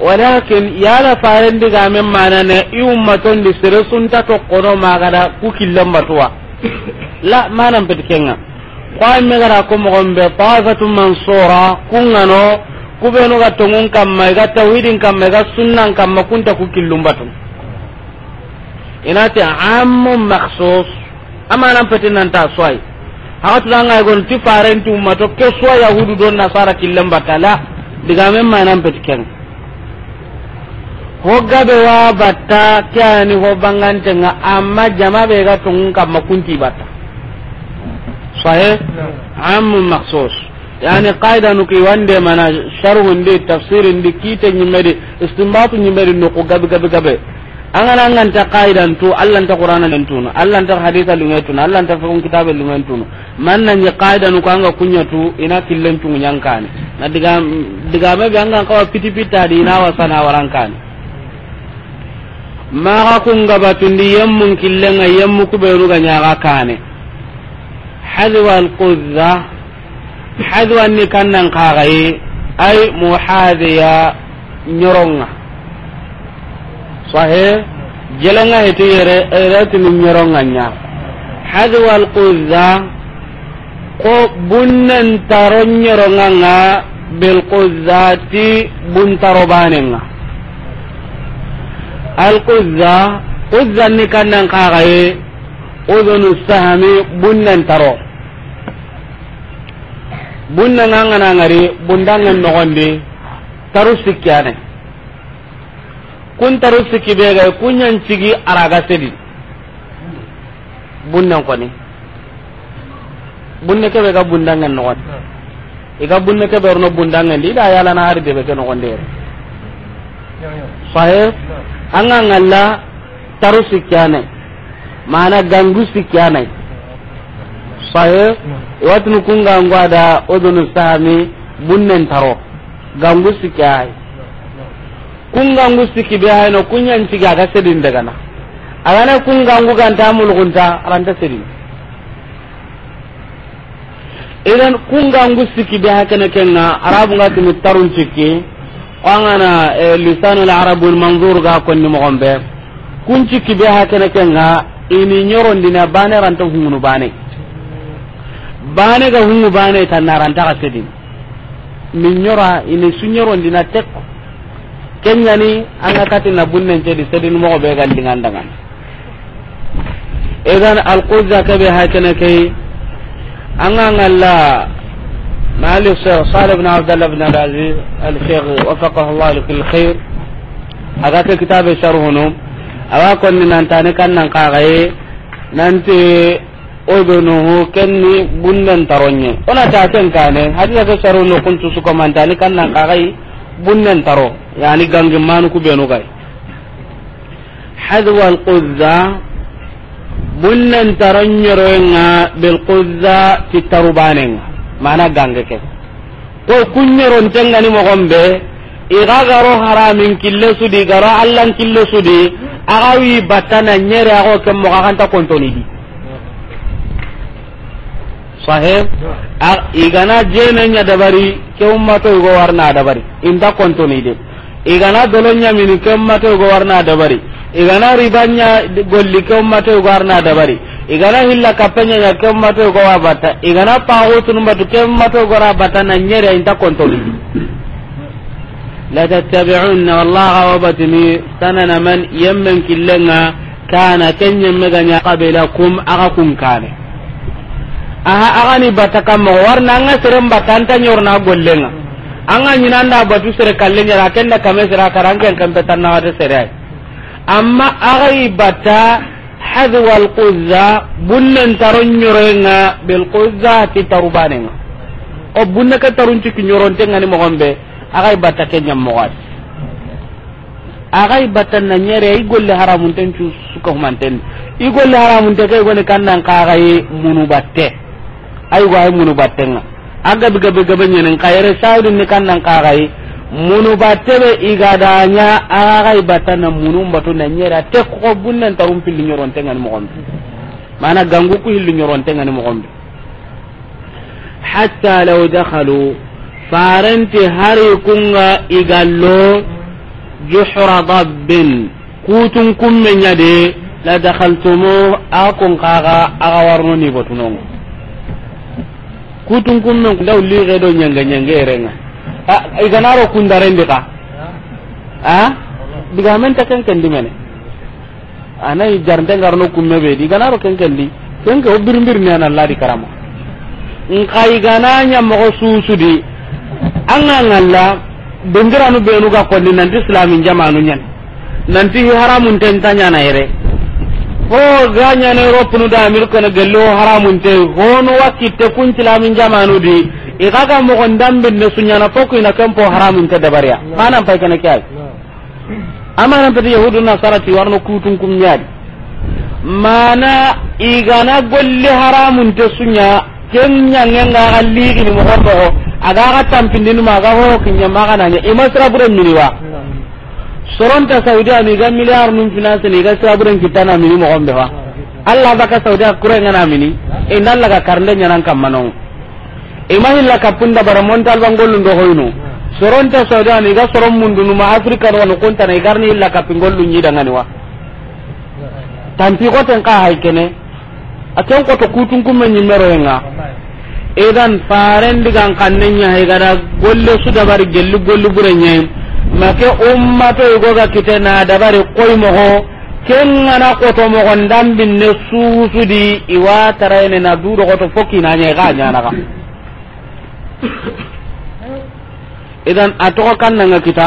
walakin yala faren diga men mana ne i ummaton di sere sunta to kono magada ku killan batuwa la manan petkenga kwa me gara ko mo gombe tazatu mansura kungano kubenu ga tongun kamma ga kam kamma ga sunnan ma kunta ku killum batu inati ammu makhsus pete nan ta swai hawa tunanga gon ti faren ti ummato ke swaya hudu don nasara killan batala diga men manan petkenga hogga be wa batta kyani ho bangante nga amma jama be ga tun kamma kunti batta sahe am maksus yani qaida nu ki wande mana sharh ndi tafsir ndi kite nyimede istinbatu nyimede no ko gabe gabe gabe angan angan ta qaida ntu allah ta qur'ana ntu allah ta haditha lu ntu allah ta fakun kitabe lu ntu man na ni qaida nu kanga kunya tu ina killen tu nyankani na diga diga be anga kawa pitipita di ina wasana warankani maga kunga batundi yemmun killenga yemmu kuberuga ñaga kane hadwa alquzza hadwanni kannan kagaye ay muhadiya ñoronga sahe jelenga heti yere eretini ñoronga ña hadwa alquzza ko bunnentaro ñoronganga belquzzati buntaro alquzza uzza ni kannan kagaye udhunu sahami bunnan taro bunna ngangana ngari bundangen nogondi taru sikyane kun taru sikki be gay kunyan cigi araga sedi bunnan koni bunne kebe ga bundangen nogondi iga bunne kebe orno bundangen di da yala na hari debe ke nogondi sahih anga ngalla taru sikyane mana gangu sikkane sahe hmm. watnu kunga da odunu sami bunnen taro gangu sikyai kunga ngu sikki be hayno kunyan tiga ga sedin daga na agana kunga ngu ganta mulgunta aranta sedin idan kunga ngu sikki be hakana kenna arabu ngati mutarun cikki qangana eh, lisanul arabul manzur ga konni mogon be kunci kibe ha kene kenga ini dina bane ranta hunu bane bane ga hunu bane tan ranta ka sedin min nyora ini tek tekko kenyani anga kati na bunnen cedi sedin mo be dingan dangan idan alquza kabe ha kene kai anga ngalla مال الشيخ صالح بن عبد الله بن العزيز الشيخ وفقه الله لكل خير أغاك كتاب شرهنم أغاك أن ننتاني كان ننقاغي ننتي odonoho kenni bunnen taronye ona taten kane hadiya ke sharu no kuntu suko mantani kannan kagai bunnen taro yani gangi manu ku benu gai hadwa alquzza bunnen taronye roenga bil quzza ti tarubanenga mana gange ke ko kunyeron tengani mogon be iga garo haramin kille sudi garo allan kille sudi aga wi batana nyere ago kem mo kanta kontoni di sahe igana jene nya dabari ke ummato go warna dabari inta kontoni di igana dolonya mini kemmate go warna dabari igana ribanya golli kemmate go warna dabari igana hilla kapenya ya kemmate go wabata igana pawo tunumbatu kemmate go rabata na nyere inta kontoli la tattabi'unna wallahi wabatini sanana man yamman killanga kana kenya meganya qabilakum aga kun kane aha agani bata kamma warna nga serem batanta nyorna gollenga anga ñinanda batu sere kalle ñera kenda kame sera kara anken kempe tannaxate sere ay amma axayi batta hadwa alquzza bunnen taro ñoroyenga belquzza ti tarubanenga o bunne ke tarunciki ñorontengani moxon ɓe axayi bata ke ñammoxoati axayi bata na ñere i golle haramunten cu sukahumanten i golle haramunte ke goni kannan kaxayi munubatte ayigo ay nga. agabe gabe gabe nyenin kayere saidin ni nan kagai munu batebe igadanya agai batana munu mbatu na nyera te ko bunnan tarum pilli nyoron te tengan mo gombe mana gangu ku hilli nyoron te tengan mo gombe hatta law dakhalu faranti hari kunga igallo juhra dabbin kutun kumme nyade la dakhaltumu akun kaga aga warno ni botunongo kutun kummen kunda ulli ke do nyanga nyanga erenga a ah, iganaro kundarendi ka a ah? diga men ta ken ken dimene jarnde kumme be diga naro ken ken di ken ke obir ne na ladi karama in kai gana mo susudi anga ngalla dengiranu be nu ga ko ni nan islamin jama'anu nyan nanti haramun tentanya na ere ho ganya ne europe nu da america ne gello haramun te ho no wakitte kun min jamanu di e kaga mo gon dambe ne sunya na poko ina kampo haramun te dabariya mana pai kana kyal amana nan yahudu na sarati warno kutun kum nyaadi mana igana golli haramun te sunya kenya ngenga galli ni mo gon aga ga tampindinu ma ga ho kinya ma kana ni imasra ni wa soronta saudi ami ga milliard num finance ni ga saburen kitana mini mo gombe wa alla ka saudi kure ngana mini e nalla ga karnde nyanan kamano e mahilla punda bara montal bangol ndo hoyno soronta saudi ami ga soron mundu ma afrika no konta na igarni illa kapingol lunyi dangani wa tampi goten ka haykene aten ko to kutun kumme mero nga edan faren digan kanne nya he gara golle su dabar gelu gollu bure nyaim make ummato ga kite na dabari koy mogo kengana koto mogon dambinne susudi iwa tarayne na duro na fokinanye ga ñanaga idan a kan kannanga kita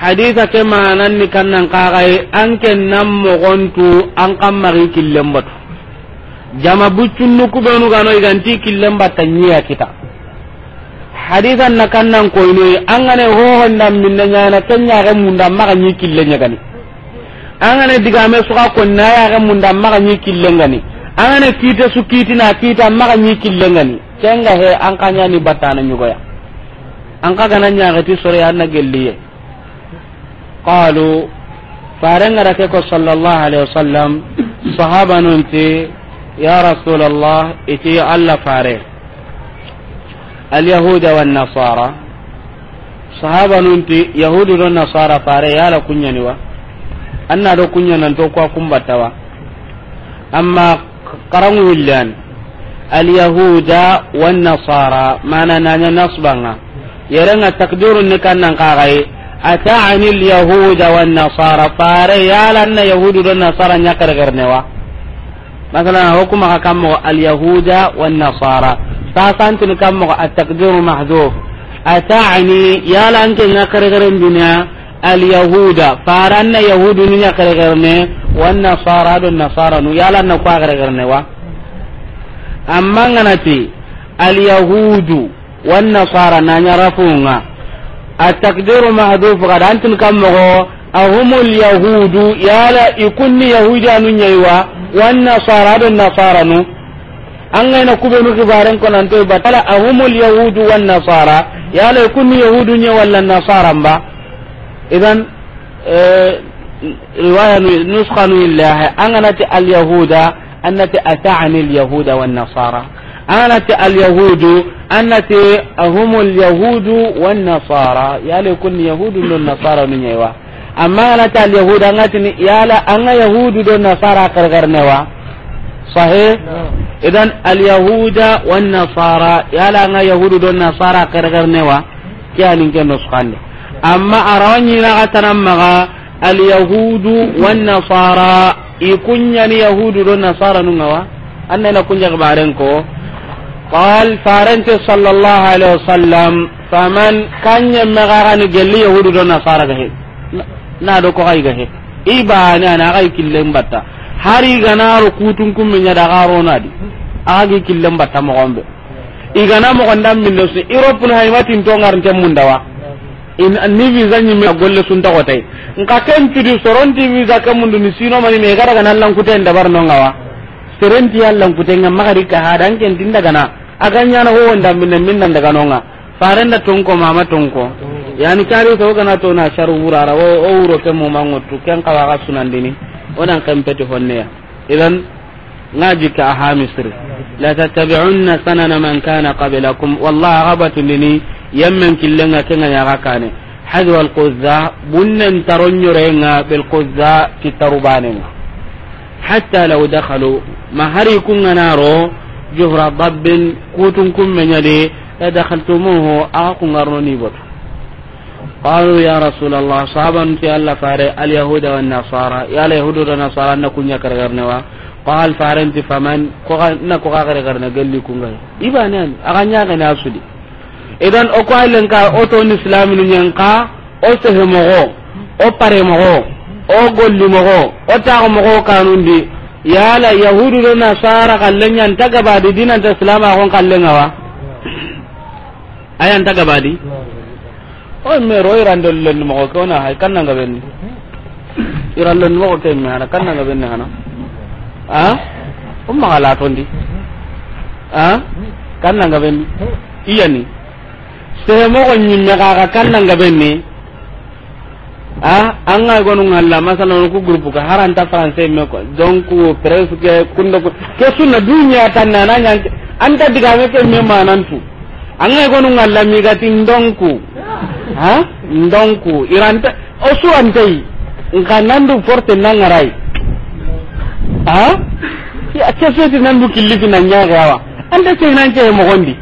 haditha ke kan kannan kaxaye an ken nan mogontu an kan maxi killen batu jama buccunnu kuɓenugano iganti killen batta nya kita hadisan na kannan koyno angane min honda minna kan kenya ga munda maga nyi kille nyagani angane digame suka ko naya ga munda maga nyi kille ngani angane kite su kiti na kita maga nyi kille ngani kenga he an kanya ni batana nyugoya an kaga nan nyaga ti sore anna gelliye qalu farenga rake ko sallallahu alaihi wasallam sahaba ya rasulullah iti alla fare اليهود والنصارى sahaba nunti yahudu don nasara fare yala kunyani wa anna do kunyanan to kwa kumbata wa amma karangu hillan al yahuda wan nasara mana nanya nasbanga yarenga takdirun ne kannan kagai ata'ani al yahuda wan nasara fare yala na yahudu don nasara nyakar garnewa masalan a hukuma ka kan mɔgɔ alyahuda wa nasara sasan tun kan mɔgɔ a takdiru mahdo a ta'ani yala an kenga karekaren duniya alyahuda faran faranna yahudu ni ya ne wa nasara don nasara nu ya yala na kwa ne wa amma ngana ti alyahudu wa nasara na nya rafunga a takdiru mahdo fukada an tun kan ahumul yahudu yala ikunni yahudanu nyaiwa wan nasara don nasara nu an gaina kubenu kibaren konanto batala ahumul yahudu wan nasara yala ikunni yahudu nye walla nasara mba idan riwaya nuskha nu illaha anganati al yahuda annati ata'ani al yahuda wan nasara anati al yahudu annati ahumul yahudu wan nasara yala ikunni yahudu non nasara nu nyaiwa amma ngana ta al yahuda angatini yala anga yahudu do nasara ne wa. sahih idan al yahuda wan nasara yala anga yahudu do nasara kargarnewa kiyanin ke nuskande amma arawani na gatanan maga al yahudu wan nasara ni yahudu do nasara nungawa annana kunya gbaren ko sallallahu فارنت صلى الله عليه وسلم فمن كان يمغاني جلي Nasara ونصارى na do ko ga he iba na na ga killen batta hari gana ro kutun kum min ya da garo na di aga killen batta mo gombe igana mo gondam min do su europe na haymatin to ngar tem mun dawa in ni visa ni me golle sun ta kotai nka ken di soronti visa kam mun ni sino mani me gara gana nan lan kuten da barno ngawa soronti yallan kuten ngam magari ka hadan ken daga na aganya na ho wanda min min nan daga nonga farenda tonko mama tonko yani kari to kana to na sharu wurara wo o wuro ke mo mangotu ken kawa ga sunandini onan kan peti honne ya idan ngaji ka ha misri la tattabi'unna sanana man kana qablakum wallahi ghabatu lini yamman killenga kenga ya ga kane hadu al quzza bunnan taronyorenga bil quzza kitarubanenga hatta law dakhalu ma hari kunga naro juhra dabbin kutun kummenya de la dakhaltumuhu aqungarno ni botu قالوا يا رسول الله صابن في الله فار اليهود والنصارى يا اليهود والنصارى نكون يكرغرنوا قال فارنت فمن كنا كغرغرنا قال لي كون ايبانان idan o ko allen ka o to ni islam ni o sehe o pare mogo o golli mogo o ta mogo kanundi yala yahudu do nasara kallen yan tagabadi ta islam a hon kallen awa ayan tagabadi yeah. on me ro iran dol lel mo ko na hay kan nga ben iran lel mo ko te me ana kan nga na ana ha o ma la ala tondi ha kan nga benni iya ni se mo ko nyimme ka ka kan nga ni a an ga gonu ngalla masalan ku grup ka haranta france me ko donc presse ke kunda ko ke sunna dunya tan na na an ta diga me ke me manantu an ga gonu ngalla mi ga tin donc ha donc irante o suwantai nka nandu forte nangarai ha ke seti nandu killifi na nyaga yawa anda ce nan ce mo gondi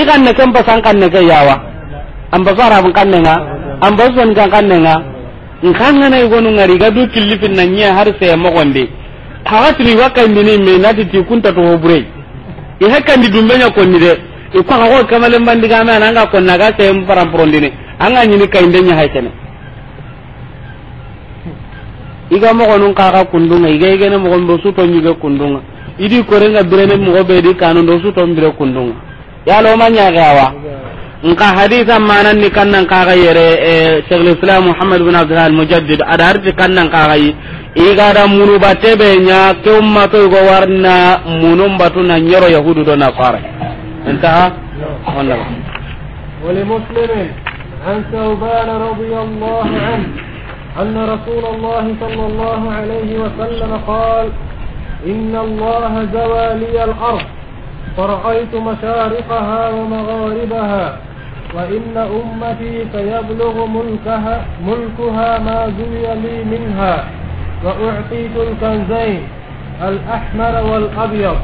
i kan ne kan basan kan ne ga yawa ambasara ban kan ne nga zon kan kan ne nga nkan ngana igonu ngari ga du killifi na nya har sai mo gondi hakatini wakandi ni me na ti kunta to hobure i hakandi dumbenya konni de i kwa ko kamalen bandiga me ananga konna ga te sai mo parampron dine an ga nyini kainde hay tane iga mo gonun ga kundunga iga ne mo gonbo suto nyuge kundunga idi korenga birene mo be di kanu do suto mbire kundunga ya lo manya wa nka haditha manan ni kannan ga yere e, Sheikhul Islam Muhammad bin abdullah Al Mujaddid ada harti kannan ga yi iga da munu tebe nya ke umma to go warna munum na nyoro yahudu do na fara enta ha wala muslimin e? عن ثوبان رضي الله عنه أن رسول الله صلى الله عليه وسلم قال إن الله زوى لي الأرض فرأيت مشارقها ومغاربها وإن أمتي سيبلغ ملكها, ملكها ما زوي لي منها وأعطيت الكنزين الأحمر والأبيض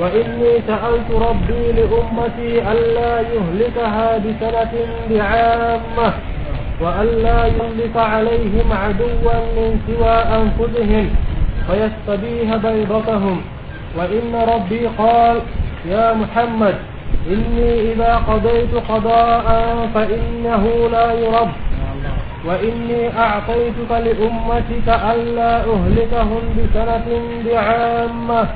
وإني سألت ربي لأمتي ألا يهلكها بسنة بعامة وألا يملك عليهم عدوا من سوى أنفسهم فيستبيه بيضتهم وإن ربي قال يا محمد إني إذا قضيت قضاء فإنه لا يرب وإني أعطيتك لأمتك ألا أهلكهم بسنة بعامة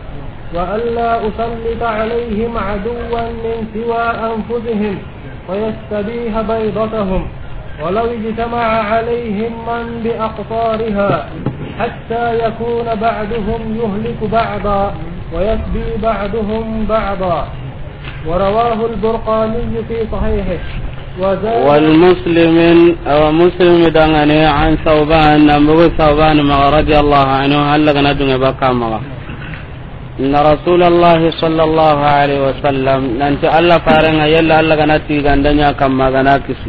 وألا أسلط عليهم عدوا من سوى أنفسهم فيستبيه بيضتهم ولو اجتمع عليهم من بأقطارها حتى يكون بعدهم يهلك بعضا ويسبي بعضهم بعضا ورواه البرقاني في صحيحه والمسلم أو مسلم دعني عن ثوبان نبغي ثوبان ما رضي الله عنه هل لغنا دون بقى na rasulullahi sallallahu alaihi wasallam nanti allah farenga yalla allah gana tigandanya kamma gana kisi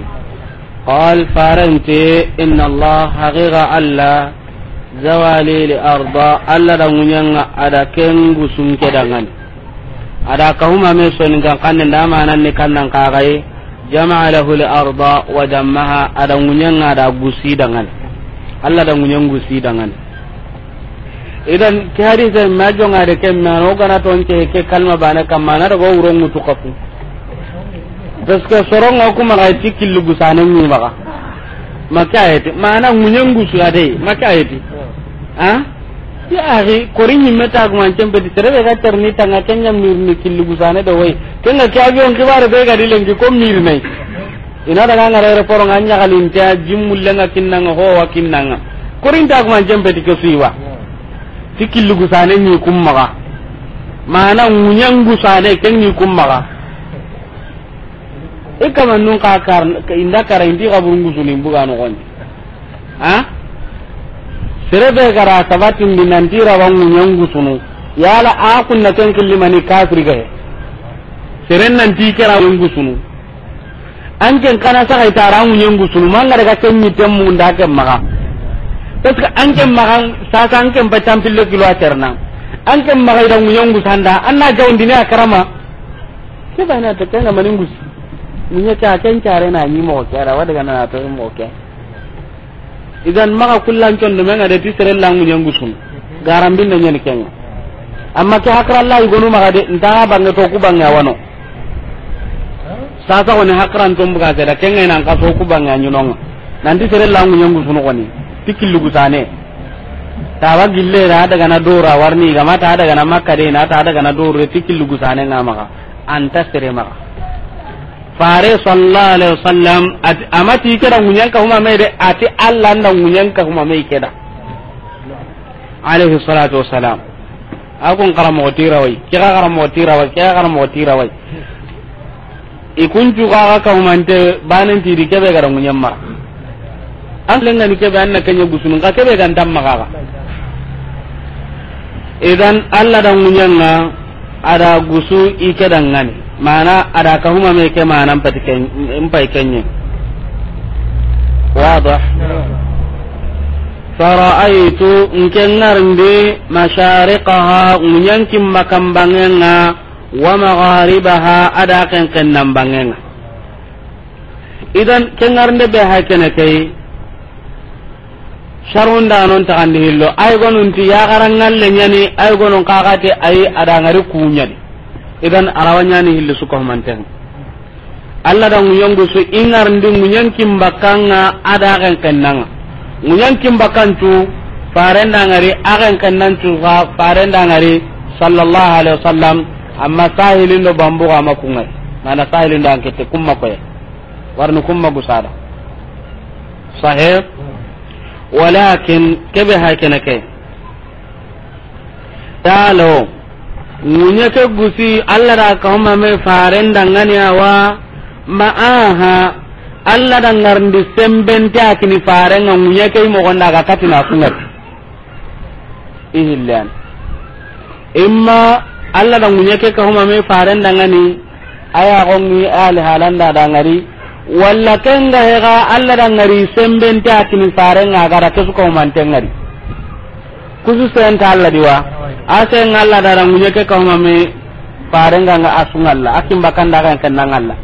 qal farente inna allah haqiqa allah zawali li arda allah da ngunyanga ada kengu sumke dangan ada kahuma me soni kan kanen da manan ni kannan kagai jama'a lahu li arda wa dammaha ada ngunyanga ada gusi dangan allah da ngunyanga gusi dangan idan ke hadisa ma jonga de ken ma no gana ton ke ke kalma bana kam ma na go wuro mutu kafu parce que ga kuma ga tikillu gusane ni maka maka ayati mana munyen gusu ade maka ayati ha ya ari kori ni meta ga man tembe di serebe ga terni tanga kenya mirni killu gusane da wai kenga ke avion ki bare be ga dilengi ko mirnai ina daga ngare re poronga nya kalin ta kinna kinnanga ho wa kinnanga korinta ko man tembe di kesuiwa yeah. ti killugusane ni kummaxa mana gusane ken ni kummaxa i e kama nun ka kar inda kara inti kaburungusunin buga ha sere be gara sabatindi nanti raba gusunu yala a na ken killimani kafirigahe seren ti kera ŋuñangusunu an ken kana saxa itara ŋuñangusunu daga ken ñitten nda ken maga parce que anke magan sasa anke batam pille kilo aterna anke magai da munyangu sanda anna jawndi ne karama. ke bana to kana maningu munya ta kan tare na ni mo kera wada kana na to mo ke idan maga kullan ton do menga de tisere la munyangu sun garambin na nyen kenga amma ke hakra Allah gonu maka de nda banga to ku banga wano sasa woni hakran to mbuga da kenga nan ka to ku banga nyunonga nanti sere la munyangu sun ko ni ta tawa gille na daga na dora warni ga mata daga na makka dai na ta daga na dora lugusane na maka anta sire maka fare sallallahu alaihi wasallam amati munyan ka kuma mai de ati allah munyan ka kuma mai keda alaihi salatu wasalam akun karamo wai kira karamo wai kira karamo wai ikun juga ka kaumante banin tiri kebe garan munyan mara an lenga ni kebe anna kenya gusunu ka kebe gan tamma kaga idan alla dan munyanga ada gusu ike dangane mana ada kahuma me ke mana pati ken impai kenye wadah faraitu nkengarndi mashariqaha munyankimma kambangenga wa magharibaha ada kenken nambangenga idan kengarnde be hakene kai. sharun da non ta handi hillo ay gonun ti ya garangal le nyani ay gonun kakate ay adangari kunyani idan arawanya ni hillo su ko manten alla da mu yongu su ingar ndi mu nyanki mbakanga ada kan kannanga mu nyanki mbakantu farenda ngari agan kannantu ga farenda ngari sallallahu alaihi wasallam amma sahilin do bambu ga makungai mana sahilin da an kete kumma koy warnu kumma gusada sahih walakin kebe hakene ke talo munye ke gusi allah da kauma me faren dangane wa ma'aha allah da ngarndi sembente akini faren nga munye ke mo gonda ga katina kunar ihillan imma allah da munye ke kauma me faren dangane aya gongi al halanda dangari walla kenga hega alla da ngari sembente atini farenga gara kesu ko mante ngari kusu senta alla diwa ase ngalla da rangunye ke ko mame farenga nga asungalla akim bakanda kan kenanga alla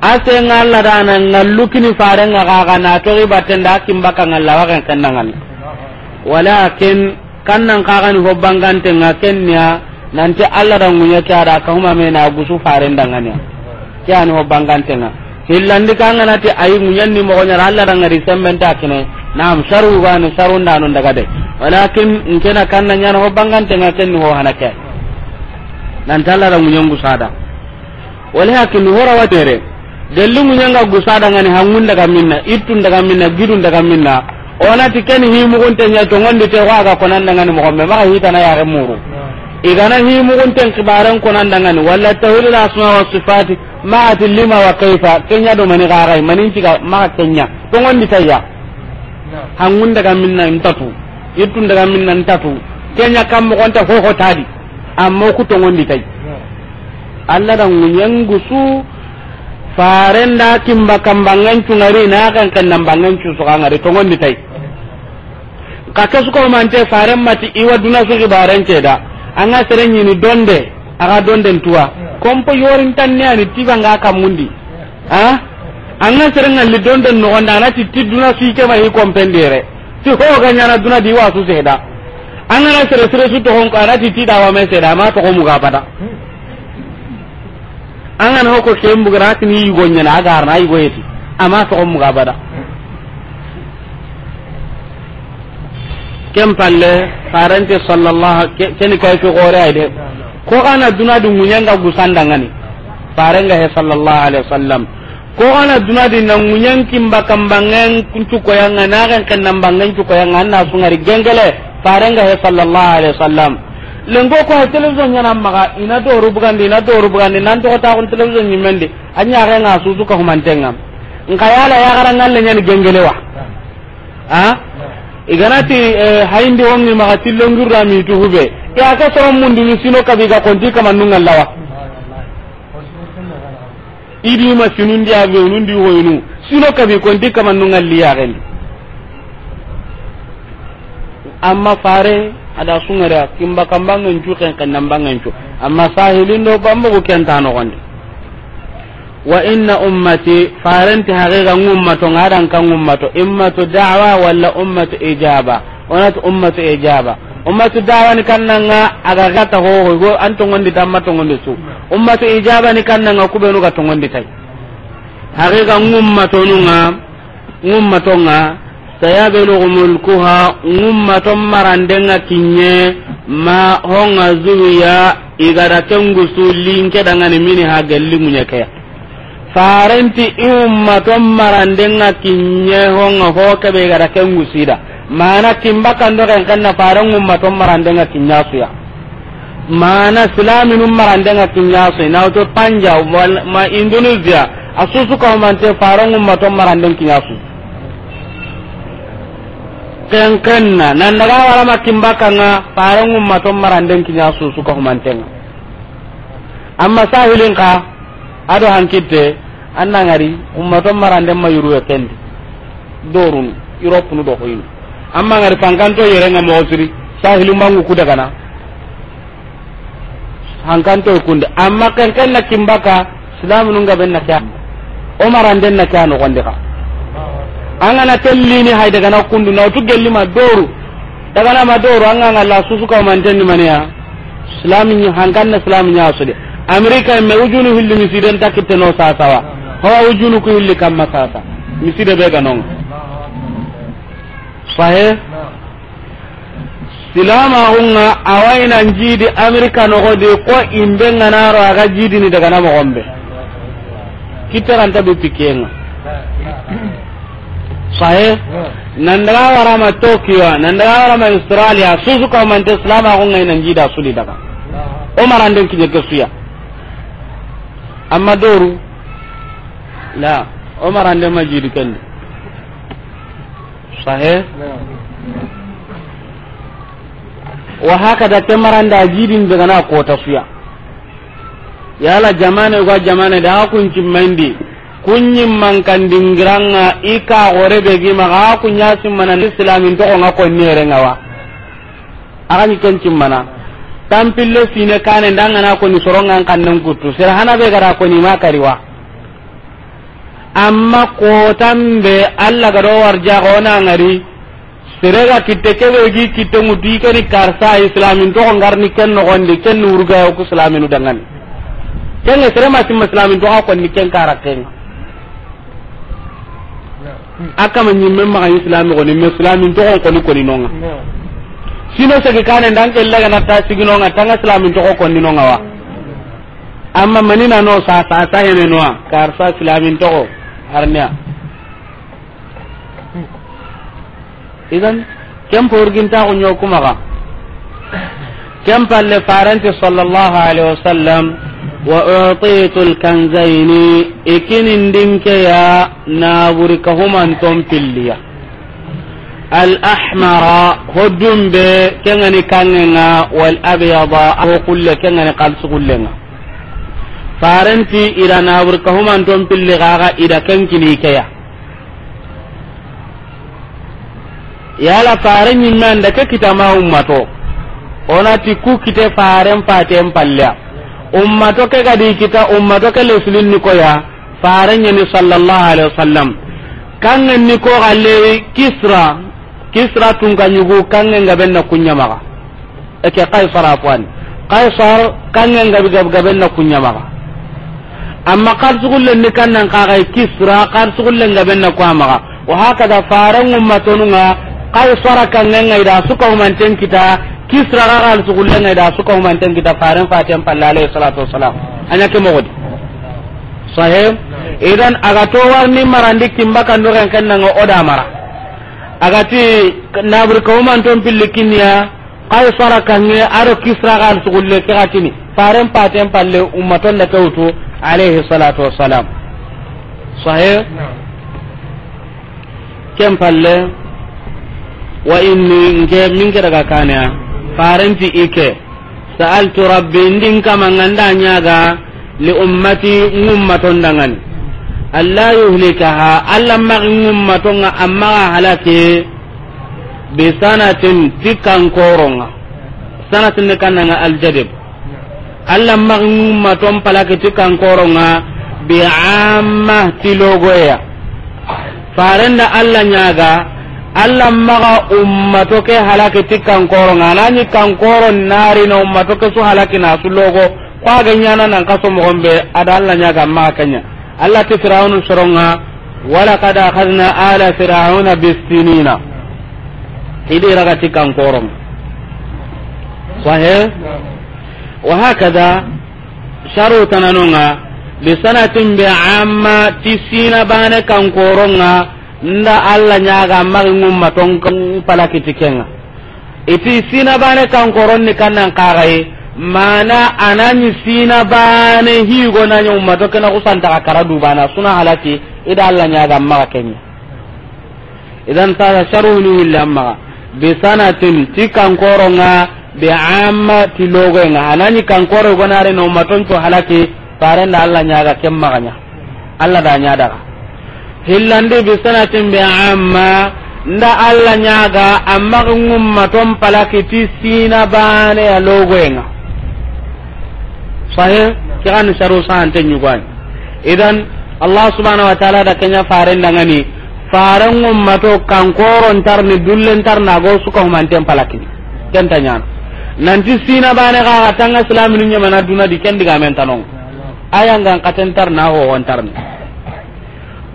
ase ngalla da nan ngallukini farenga ga ga na to ribatenda akim bakanga alla wa kan kenanga alla walakin kannan kagani hobbangante nga kenya nanti alla da ngunya cara ka huma me na gusu farenga ngania yani hobbangante nga hillandi kanganati ayi muñanni mogoñara allah dangari sembenta kine nam sharu gani sharundanu daga de walakin nkena kanna nyana ho bangantenga kenni ho hana ke nanta allah da muñangu sada walakin horawatere delli muñanga gusada ngani hangun daga minna ittun daga minna gidun daga minna onati keni himuguntenya togondi te hoaga konandangani mogombe maga na yare muru igana konan kibaren konandangani walla tawhidul asma wa sifati ma lima wa kaifa kenya do mani garai mani ciga ma kenya to di tayya hangun daga minna intatu itun daga minna intatu kenya kam mo konta ho ho tadi amma ku to di tay alla da ngunyangu su farenda kimba kambangan cungari na kan kan nambangan cu kan ari to di tay kake suko mante faren mati iwa duna su gibaran ceda anga serenyi ni donde aga donde tuwa kompo yorin tan ne ani tiba nga kamundi ha anga serenga li don don no onda na titti duna si ke mai kompendere ti ho ga nyana duna di su seda anga na sere sere su to hon ka na titti da wa mai seda ma to ko mu ga bada anga na ko ke mu ga ni yugo nyana ga na yugo yeti ama to ko mu ga bada kem palle farante sallallahu keni kay ko gore ay de ko kana dunadi ngani. gusandangani nga he sallallahu alaihi wasallam ko kana di na munyanki mbakambangen kuntu ko yanga na kan kanambangen ko yanga na sungari gengele farenga he sallallahu alaihi wasallam lengo ko television nyana maga ina do rubugandi ina do rubugandi nan to ta kon television nyimendi anya ga na suzu ko mantenga nkayala ya garanga le nyani gengele wa ha iganati eh, hayndi wonni maga tillongurra mi tu hube ke aka mun dini sino kabi ga konti kamannunga lawa idi ma sinundi ave unundi hoyinu sino kabi konti kamannunga liyagendi amma fare ada sungara kimba kambang cu ken kannambangen cu amma sahilin do ken tano gondi wa inna ummati farenti haqiqa ummato ngadan kan ngummato immato da'wa wala ummatu ijaba wala ummatu ijaba ummatu dawani kannanga aga gata ho ho go an tongondi tamma tongondi su ummatu ijabani kannanga kubenu ga tongondi tai haqiqa ngumma tonunga ngumma tonga sayablugu mulkuha ngumma ton marandenga kinye ma honga zuwiya igada kengusu linke dangani mini ha gelli munyekeya farenti i ummaton marandenga kinye honga ho kebe gara ken gusida mana kimba kando ken kanna faran ummaton marandenga kinya suya mana islamin marandenga kinya suya na to panja ma indonesia asusu ka mante faran ummaton maranden kinya su ken kanna nan daga wala makimba kanga faran ummaton maranden kinya su su ka mantenga amma sahilin ka ado hankitte anna ngari to marande ma yuru kendi dorun europe nu do hoyin amma ngari pankanto yere nga mosiri sahilu mangu kudaga na hankanto kunde amma kan kan na kimbaka islam nu ngaben na kya o marande na kya no gonde ka na telli hay daga na kundu na to gelli ma doru daga na ma doru anga la susu ka mantenni maniya islam ni hankan na islam ni asudi amerika me ujunu hilli sidan takitte no sasawa hawa ujunu ku hilli kamma sasa miside be ganon sahe silama hunga awaina njidi amerika nogodi ko imbe nganaro aga jidi ni daga namo gombe kitaranta be pikenga sahe nandaga warama tokyo nandaga warama australia susu ka mante silama hunga ina njida suli daga o marande kinye kesuya amma doru لا عمر ande ma جيد كان صحيح wa hakada kemaranda jidin be gana kota suya yala jamane gwa jamane da kun cimmandi kunyin mankan dingiranga ika gore be ma ga kunya simmana islamin to nga ko nere ngawa akan mana tampil le sine kane ndanga na ko ni soronga kan nan kutu sir hana be gara ko ni makariwa amma kotanɓe allah gaɗo warjaga ona ngari serega kitte keɓe gi kitte ŋutu i keni karsa islamin toxo ngarni ken noxondi ken ni wurgayo ku slaminu dangani kenge serema simma slamin toxa konni ken kara kenga a kama ñimme maxa islami xoni mais slamin toxon koni koninonga sino segi kane ndan kellaganata nga tanga slamin toxo konninonga wa amma manina no sa sa sa hene noa karsa slamin toxo harniya idan kem por ginta porginta kunyo kuma ga kem palle faranti sallallahu alaihi wasallam wa utitu alkanzaini ikinin dinke ya na naburi kahuman ton pilliya al ahmara الأحمر هدم بكنغني wal abyada هو كل كنغني qalsu كلنا farenti ida nabur kahuman ton pilli gaga ida kenkini keya yala fare ñimme anda ke kitama ummato ti ku kite faren faten palleya ummato ke gadi kita ummato ke leslinni koya fare ñani sallallahu alaihi wasallam kangen ni ko galle kisra tun ka nyugu kangen gaben na kunyamaga eke qaisar afwan qaisar kangen gabe gaben na kunyamaga amma kar sugullen ni kannan kaxay kisra kar sugullen na ko amaxa wa hakada farengummatonunga kaisara kangenga ida sukahumanten kita kisra xa xal sugullenga ida sukahumanten kita faren faten palle alayhi salatu wasalam añake moxodi sahe idan aga to warni marandi kimba kando ken o oda mara agati nabri kaumanton pilli kinniya kaisara ne aro kisra xal sugulle ke xatini faren paten palle ummaton da kewutu عليه الصلاة والسلام صحيح كم فل وإني من كرقا كان فارنتي إيكي سألت ربي إن كما نغندا لأمتي أمة دنغني alla yuhlikaha alla halake bi sanatin sanatin allah magumma ton palakiti kankoronga bi amma tilogoya farenda allah ñaga allah maga ummato ke halakiti kankoronga anani kankoro narina ummato ke su halakina su logo kwaga ñana nan kaso mogonɓe ada allah ñaga maga kenya allah ti firaunu soronga walakad akhadna ala firauna bisinina idi ragati kankoronga sahe yeah. wa hakada sharu tananonga bi sanatin bi amma tisina bane kan koronga nda alla sina bane kan koronni kannan mana anani sina bane higo na nyumma to kana kusanta dubana suna halaki ida alla nyaga maga kenya idan ta sharu ni illa bi sanatin tikan koronga be amma ti logo nga anani kan kore gonare no maton to halaki parenda Allah nyaga kemma ganya Allah da nyada hillande bi sanatin be amma nda nyaga amma ngum maton palaki ti sina bane ya logo nga sahih kiran sharu sante nyugan idan Allah subhanahu wa ta'ala da ngum mato kan koron tarni dullen tarna go suka humanten nanti sina bane ga tanga islamin ñamana duna di ken digamen tanong ayangan katentar na howontarni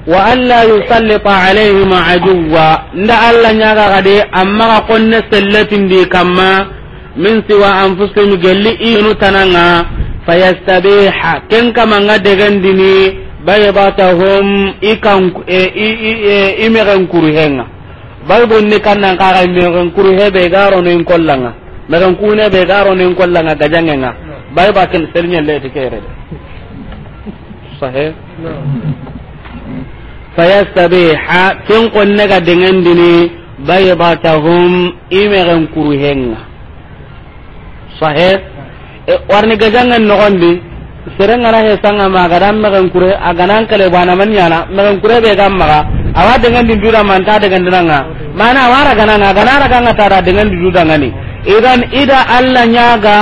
wa alla yusallita alayhim aduwa nda allah ga de amma ga konne di kamma min siwa anfusihim gelli inu tananga fayastabiha ken kamanga degendini hom ikan e, imeren e, kuruhenga baybonni kannan ga imeren kuruhe garo no kollanga magan kune be garo nen kolla nga gajange nga bay ba ken sernya le tikere sahe fayastabiha ken konne ga dengan dini baydatahum imegen kuruhenga sahe e warni gajanga nogondi na he sanga maga dan megen kure aganan kale bana man yana megen kure be kan maga awa wa di dura man ta dengan dinanga mana wara gananga ganara ganga tara dengan dindura dudanga ni idan ida allah ga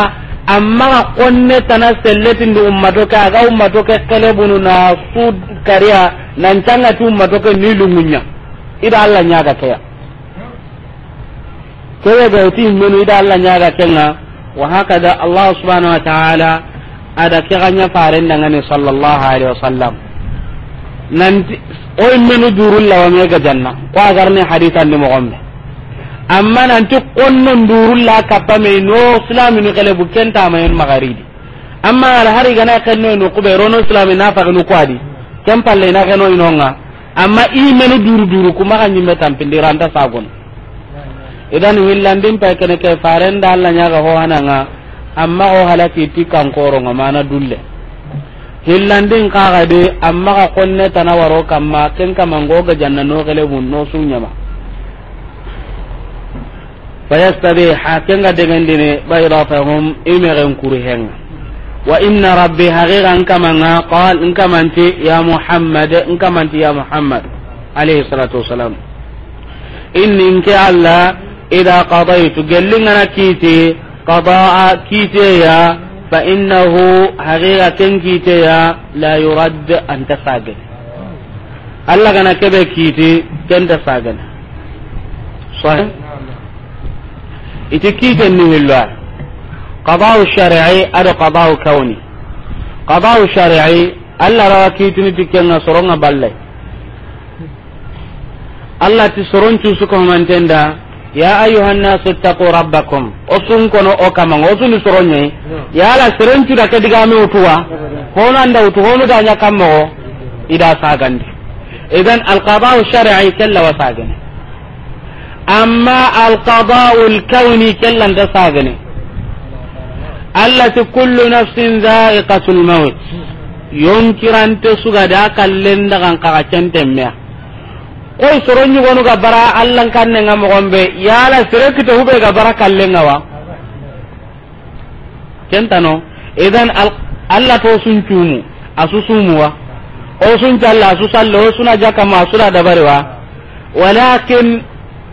amma konne tana selletin du ummato ka ga ummato kale bunu na su kariya nan canga tu ummato ka ni lungunya ida allah nyaga keya kewe ga uti menu ida allah ga kenna wa da allah subhanahu wa ta'ala ada ke ganya faren ne sallallahu alaihi wasallam nan oy menu durul me ga janna ko ne hadithan ni mo gombe amma nanti la kappa me no silaminu kelebu kentamayen magaridi amma ala hari gana kenno no kube rono islami na fa no kwadi kem palle na n'o inonga amma i menu duru duru kuma kan nyimbe tampindi randa sagon idan willandin pa kene ke farenda alla nya ga ho hananga amma ho halaki tikan koro mana dulle hillandin kaga de amma ka konne tanawaro kamma ken kamango ga janna no kele mun no sunyama fayastabiha kenga degendini bayratahum imegen kurihenga wa inna rabbi haqiqa nkamanga qal nkamanti ya muhammad nkamanti ya muhammad alayhi salatu wassalam inni nke alla ida qadaytu gellingana kiiti qadaa kiiteya fa innahu haqiqa ken kiiteya la yurad anta sagen allah gana kebe kiti kenta sagana sahih iti kiten ni hilwa qada'u shar'i ada qada'u kauni qada'u shar'i alla ra rawa kitini tikenga soronga balle alla ti soroncu su ko mantenda ya ayuhan nasu taqu rabbakum osun kono o kamanga osuni soronye ya la soroncu da kadiga me utuwa hono anda utu hono da nya kammo ida sagandi idan alqada'u shar'i kella sagandi amma alqada'ul kauni kellan da sagane allati kullu nafsin za'iqatul maut yonkirante suga da kallen daga kaka centemmeya koy soronyugonu ga bara allan kannenga mogonɓe yala serekite huɓe ga bara kallenga wa kentano idan allah to suncumu asu sumuwa o suncalla asu salle o suna jakama asuna walakin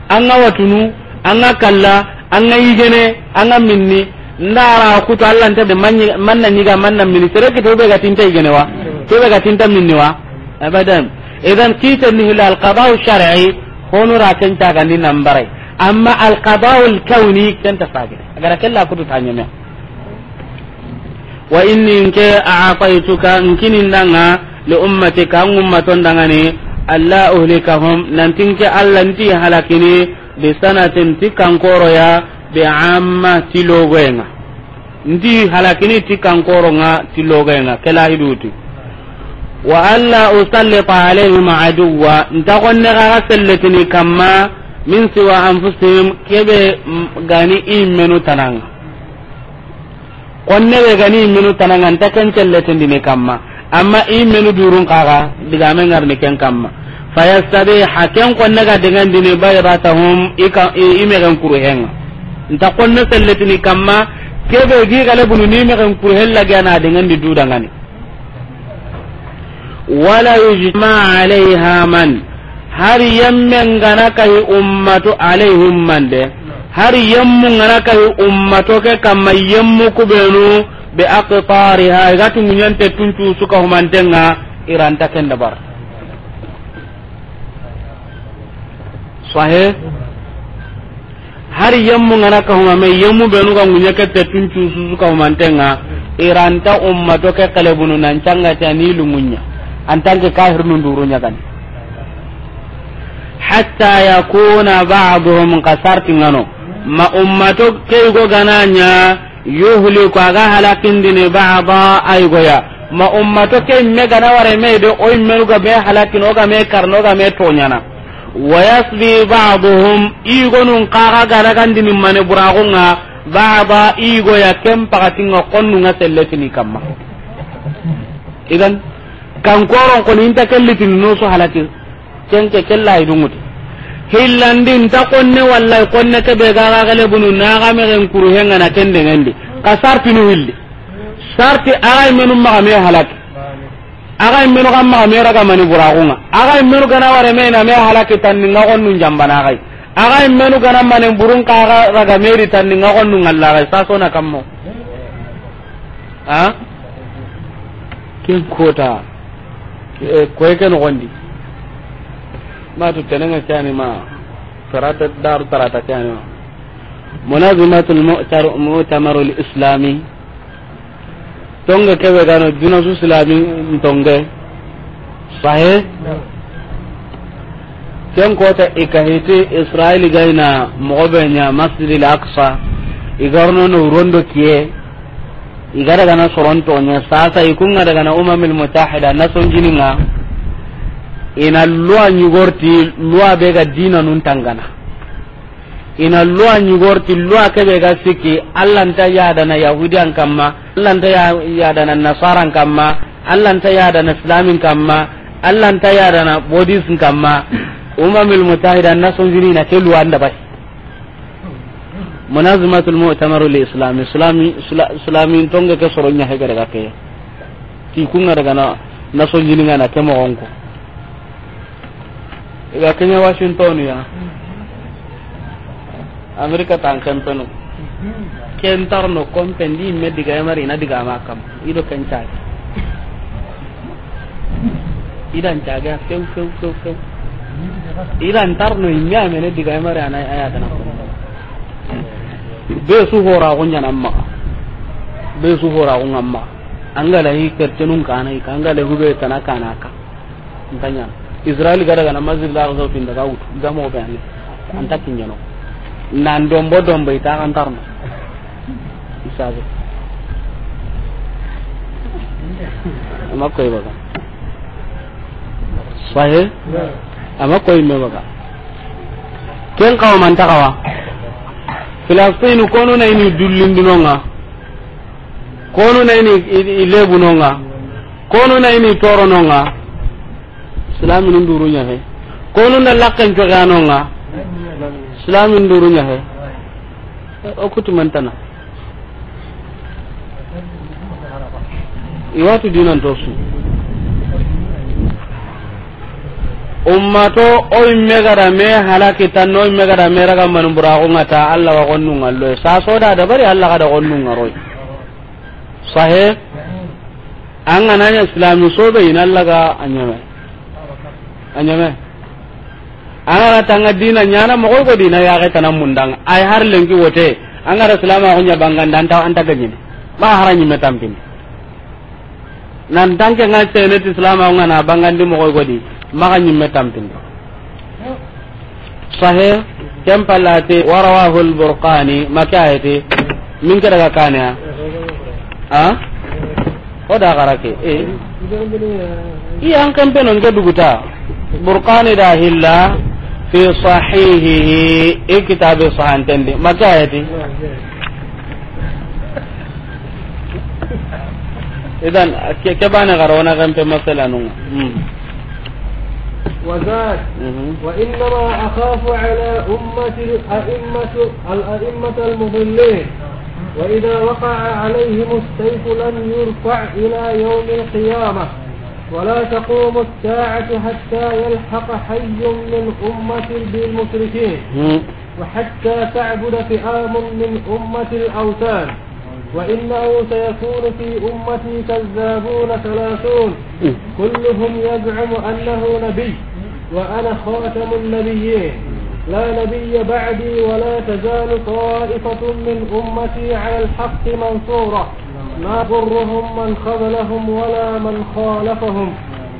anga watunu anga kalla anga yigene anga minni ndara ku kutu allah ntabe manna ñiga manna minni tere ke tobe ga tinta yigene wa tobe ga tinta minni wa abadan idan kita ni hilal kitenihila alqadau sharci honura ken ni nambare amma al alqadau lkawni kenta sagene agar kella kutu tanya me wa inni nke aataytuka nkinindanga li ummati kan ummatondangani alla uhlikahum nantin ke alla nti halakini bi sanatin ti kankoro ya bi amma ti logoyenga nti halakini ti kankoro nga ti logoyenga kela hiduti wa alla usallita alaihim aduwa nta gonne ga selletini kamma min siwa anfusihim kebe gani immenu tananga konne be gani immenu tananga nta ken kamma amma i menu durun kaga diga men ngarni ken kamma fayastabi haken kon naga dengan dini bayratahum ika i megen kuru henga nta kon na selletini kamma kebe gi gale bunu ni megen kuru hella gana dengan di dudangani wala yujma alaiha man har yammen gana kai ummatu alaihim man de har yammu gana kai ummato ke kamma yammu kubenu be aqtariha igatu munyante tuncu suka humantenga iranta ken sahe hari yammu ngana ka huma me yammu te suka humantenga iranta umma to ke nan tani lumunya kahir nundurunya kan hatta yakuna ba'dhum qasartingano ma ummato keigo gananya yuhliku aga halakindini bada goya ma ummato ke imme gana wara mede o immenuga me halakino oga me karno oga me toñana wayasbi baduhum igonun kaga garagandini mane buragunga bada igoya ken pakatinga konnunga selletini kamma idan kankoron koni inta kellitini nusu halakin kenke kella dunguti hillandi nta konne wallahi konne kebe gagagale bunu kuru ka willi sarti menu menu buragunga menu gana me menu gana burun kammo ken kota eh, ma tu tenenga cani ma tarata dar tarata cani ma munazimatul islami tonga kebe gano su islami sahe ken kota ikahiti israeli gaina mogobe nya masjidil aqsa igarno no rondo kiye igara gana soronto nya sasa ikunga daga na umamil mutahida na ina luwa nyugorti luwa be ga dina nun tangana ina luwa nyugorti luwa ke be ga siki allah nta yada na yahudiyan kamma allah nta yada na nasaran kamma allah nta yada na islamin kamma allah nta yada na buddhism kamma umamul mutahida na jini na ke luwa nda bai munazimatul mu'tamar li islam islami islami tonga ke soronya he ga daga ke ti kunga daga na na jini na ke mo onko iga kenya washington ya amerika. tan penu ken tarno kon kompendi me diga mari na diga makam ido ken cai idan caga feu feu feu feu idan tarno inya me ne diga mari ana aya tan be su hora gunya nan ma be su hora gunya ma angala hi kertenun kana ikangala hube tanaka naka ntanya israel gada gana masjid la gaso fin daga wut gamo be ani anta kinyano nan dombo dombo ita kan tarno isabe amma koy baga sahe amma me ken kawo man takawa filastinu kono na ini kono na ini kono na ini islamin nduru nya ko nun da lakkan to gano nduru nya o kutu iwatu dinan su ummato me halaki tan me raga ngata alla wa sa so da da bari alla ngaroy sahe an islami so be ga anyame anyame angara tanga dina nyana mo ko dina ya ga tanam mundang ay har lengi wote angara salama ko nyabanga danta anta ganyin ma harani metampin nan tanke nga sene ti salama ko na bangandi mo ko godi maka nyimme tampin sahih kem warawahu al-burqani makayati min kada ga kana ha ko da garake eh iyan kempenon ke duguta burkani da hilla fi sahihihi i kitabe sahantendi maka ayati idan ke bane garona kempe masalanunga وزاد وإنما أخاف على أمة الأئمة الأئمة المضلين وإذا وقع عليهم السيف لن يرفع إلى يوم القيامة ولا تقوم الساعة حتى يلحق حي من أمتي بالمشركين وحتى تعبد فئام من أمة الأوثان وإنه سيكون في أمتي كذابون ثلاثون كلهم يزعم أنه نبي وأنا خاتم النبيين لا نبي بعدي ولا تزال طائفة من أمتي على الحق منصورة ما ضرهم من خذلهم ولا من خالفهم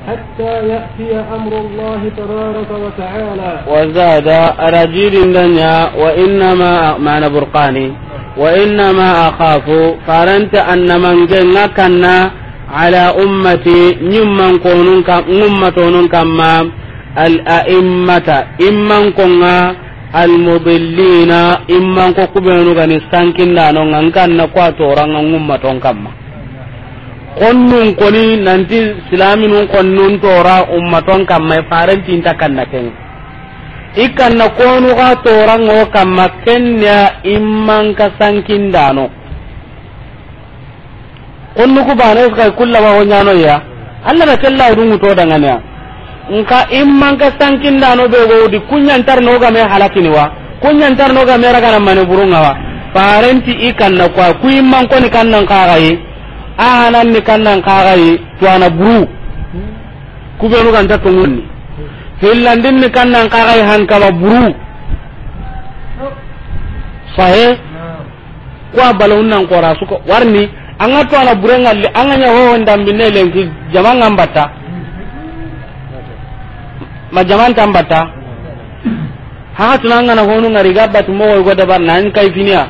حتى يأتي أمر الله تبارك وتعالى وزاد أراجيل الدنيا وإنما معنى برقاني وإنما أخاف فارنت أن من جنكنا على أمتي نمن قونون كمّام الأئمة إمن قونون almudillina imman ko kubenu gani sankindano nga nkanna ko a toranga ngummaton kamma konnun koni nanti silaminun konnun tora ummaton kamma e na ken kenga na konu ga o kamma kenya imman ka sankindano konnuku bana iskay kullama ho ya allah na kella dungu to danganiya nka man ka sankin da no be go di kunyan tar no ga me halakini wa kunyan tar no ga me raga na mane burunga wa parenti ikan na kwa ku imman ko ni kan nan ka ga yi anan ni kan nan ka ga yi to ana buru ku be no kan ta tungunni hillandin ni kan nan ka ga yi han ka ba buru sahe ko balon nan ko rasu ko warni an ga to ana burenga an ga nya ho ndambi ne lenki jama'an bata ma jaman tan ha tuna ngana honu ngari gabba tumo wo goda dabar nan kai finiya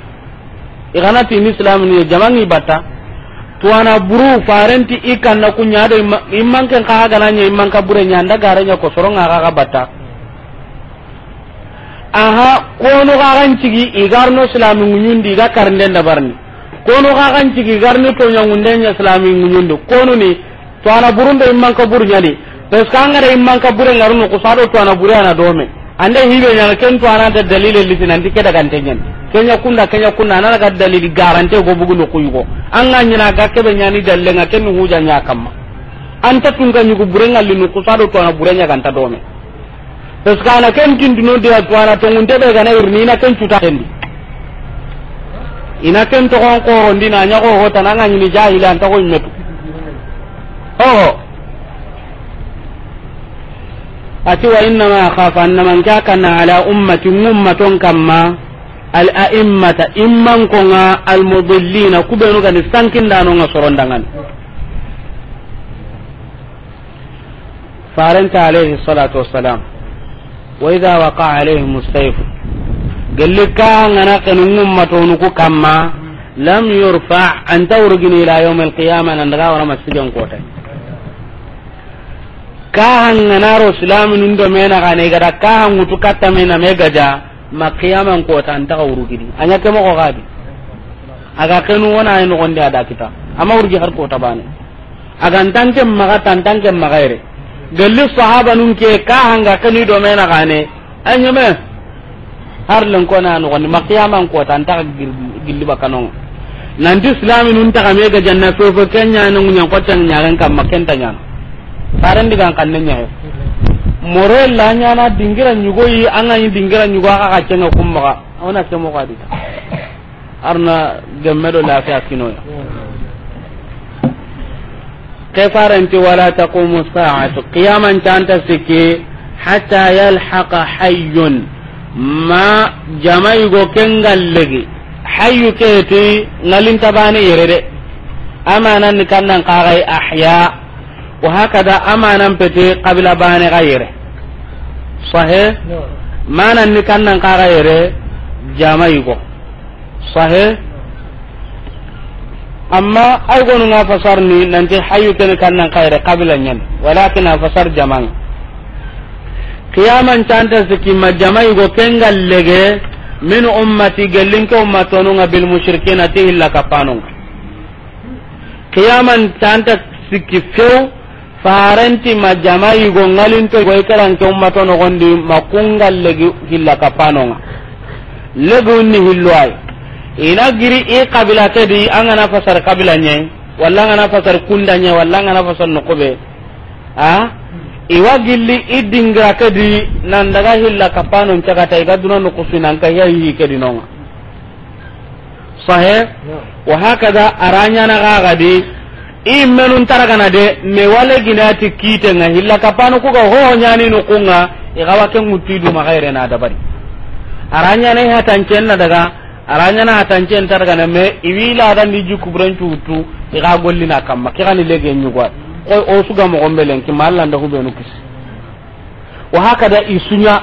igana ti islam ni jaman ni batta to ana buru farenti ikan na kunya do imman kan ka ga nanya imman ka bure nya nda garanya ko soronga ka ga bata aha kono ga kan cigi no islam ngunyundi ga karnden dabarni kono ga kan cigi garni to nya ngundenya islam ngunyundi kono ni to ana burun do imman ka buru nya ni parce que angara bure bure ana dome ande hibe nyana ken dalile kenya kunda kenya kunda dalili garante go bugu anga nyina nyani dalle nga ken huja nya anta tunga nyugo bure bure nya dome ken be irni na ken tendi ina ken to ko ndina nya hota nyini jahila anta ko nyetu ati wa inna ma khafa na man kana ala ummati ummaton kamma al a'immata imman konga al kube kubenu kan sankin nuna da da nga farin ta alayhi salatu wassalam wa idha waqa alayhim as-sayf galli ka ngana kan ummatonu ku kamma lam yurfa an tawrugini ila yawm al qiyamah nan daga wara masigan kotai kahanganaro silaminun do mena gane gada kahangutu kata mena me gaja ma qiyaman ta antaka anya kemo ko gadi aga kenu wona ay e nogonde ada kita ama wurgi har ko tabane aga ntanke maga tantanke magaire galli sahaba nun ke ga kenu do mena gane me har len na nogonde ma qiyaman kota antaka gilli bakanon nanti ta taka mega janna so fo kenya nungunya kota nyaran kam makenta nyana faren digan kanne nyaay more la nyana dingira nyugo yi anga yi dingira nyugo aka ka cenga kumma ona ke mo kadi arna gemmedo la fi akino ya ke faranti wala taqumu sa'atu qiyaman tanta sikki hatta yalhaqa hayyun ma jamai go kengallegi hayyu keti ngalinta bani yere de amanan kannan qarai ahya wa hakada amanan pete qabila baane ga yere sahe manan ni kannan ka ga yere jama'i go amma ay gonu nga fasar ni nanti hayu ken kannan ka yere qabila nyen walakin fasar jamang qiyaman tanta sikima jama'i go kengal lege min ummati gellin ke ummatonunga bil mushrikina ka illa kapanunga qiyaman tanta sikki few farenti ma to yigo ngalinto yigo ikaranke ummato gondi makungal legi hilla kapanonga legi ni hilluwai ina giri i kabila di angana fasar kabila nye walla angana fasar kunda nye walla angana fasar nokube a iwa gilli i dingira di nan daga hilla kapanon cagata iga duna yayi ke di nonga sahe wa hakada aranyana di. immenun taragana de me wale ginati nga hilla kapano kuga ho nyani no kunga igawa ken mutidu magaire na dabari aranya ne hatancen na daga aranya na hatancen taragana me iwila dan di juku branchu utu iga golli na ke gani lege nyugwa ko o suga mo gombelen ki malla nda hubenu kis wa hakada isunya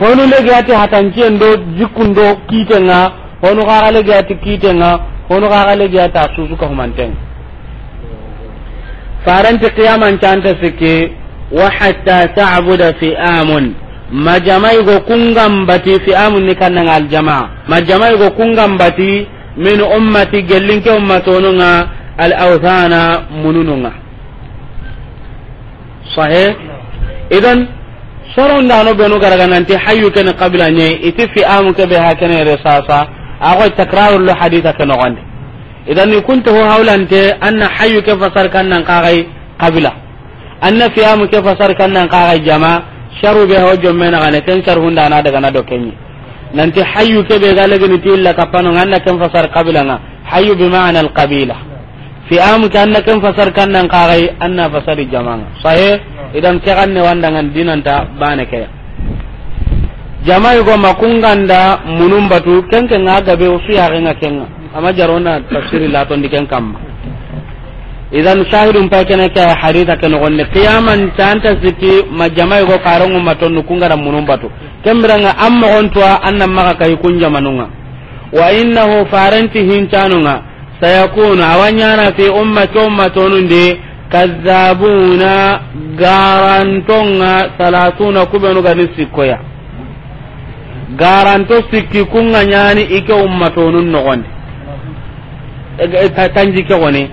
no lege ati hatancen do jikundo ko honu gara lege ati nga honu gara lege ati asusu ka humantenga faranti qiyamancanta sikke wa hatta tabuda fi amun majamaigo kungambati fi amun ni kannanga aljamaa majamaigo kungambati min ummati gellinke ummatonunga al authana munununga sahe idan sorondano benu garagananti hayu kene kabila nye iti fi amu kebe hakenere sasa akoy takrarullo hadita ke nogondi idan ni kunta ho hawlante anna hayyu ke fasar kannan kagai kabila anna fiyamu ke fasar kannan kagai jama sharu be ho jomme na kana ten sharu hunda na daga na do kenyi nanti hayyu ke be galaga ni tilla kapano anna ken fasar kabila na hayyu bi ma'na al qabila fiyamu ke anna ken fasar nan kagai anna fasari jama sahe idan ke ne ngan dinan ta bana ke jama go makunganda munum batu kenken aga be usiya ngaken kenga ama jarona tafsiri la ton diken kam idan shahidun pa kene ka harita kana gonne qiyaman tanta siti majamai go karongu maton kunga da munum batu kembranga amma ontoa anna maka kai kunja manunga wa innahu faranti hin hintanunga sayakunu awanyana fi umma ummati tonunde kazzabuna garantonga salatuna kubenu gani sikkoya garanto sikki kunga nyani ike umma tonun nogondi tanjike ke goni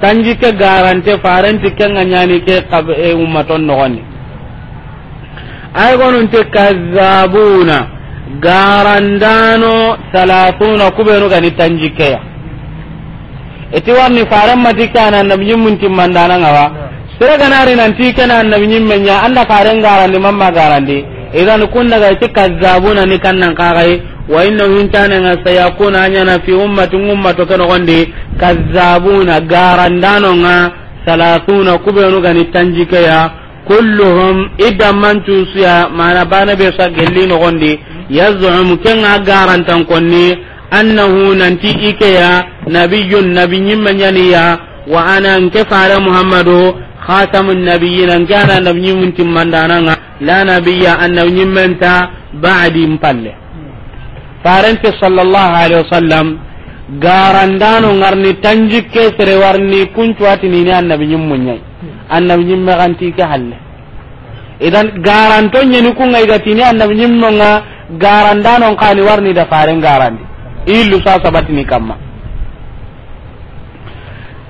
tanji ke garante farenti kenga nyani ke e, ummaton nogoni ay ti kazzabuna garandano salatuna kubeenu gani tanjike keya iti warni faran mati kana annabi nyimmun timmandana ngawa sira ganari nanti kana annabi nyimmen nya anda faran garandi mamma garandi idan kunna ga ti kazzabuna ni kannan kagai wa innahu na sayakuna na fi ummati ummato gonde kazzabuna nga salatuna kubenu gani ya kulluhum idammancusuya mana bana be sa gelli nogondi yazum kenga garantan konni annahu nanti ya nabiyun nabi manyani ya wa ana nke fare muhammadu khatamu nabiyina nke ana nabi ñimmun timmandananga la nabiyya annabi ñimmenta badi mpalle farenti sallallahu alaihi wasallam garandano ngarni tanjikke sere warni ni nini annabi nyim munyai annabi nyim maganti ke halle idan garanto nyeni kunga ni annabi nyim nga garandano kani warni da faren garandi illu sa sabatini kamma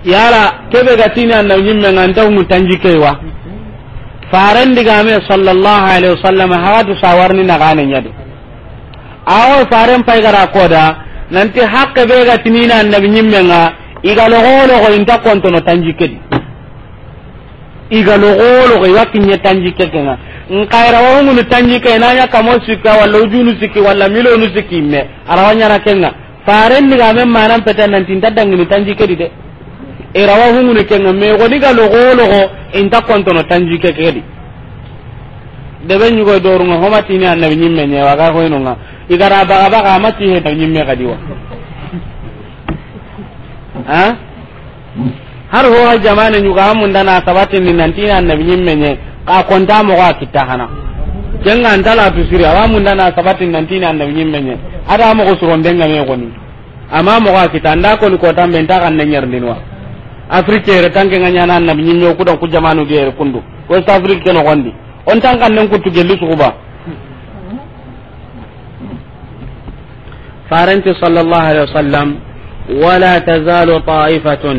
yala kebe gatini annabi nyim nganta mu tanjikke wa faren digame sallallahu alaihi wasallam hawatu sawarni nagane nyadi awo faren pay gara koda nanti hakke be ga tinina annabi nyimmenga igalo golo go inta kontono tanjikedi igalo golo go iwakinye tanjikekenga nkaira wawungunu n'a nanya kamo sikka wala ujunu sikki walla milonu sikki me arawanyana kenga faren ni gamen manan pete nanti inta dangini tanjikedi de irawa hungunu kenga me goni galo golo go inta kontono tanjikekedi debe ñugo dorunga homatini annabi ñimme ñewa ga koynunga igara baga baga amati heta ñimme kadiwa a har ho ha jamane ñuga annabi ñimme ñe ka konta a kitta hana kenga tu siri awa annabi ñimme ñe ada me goni ama mogo kan ne afrique tanke nga ñana annabi ñimme ku afrique ke on tan kan nan kutu gelli ba faranti sallallahu alaihi wasallam wala tazalu ta'ifatun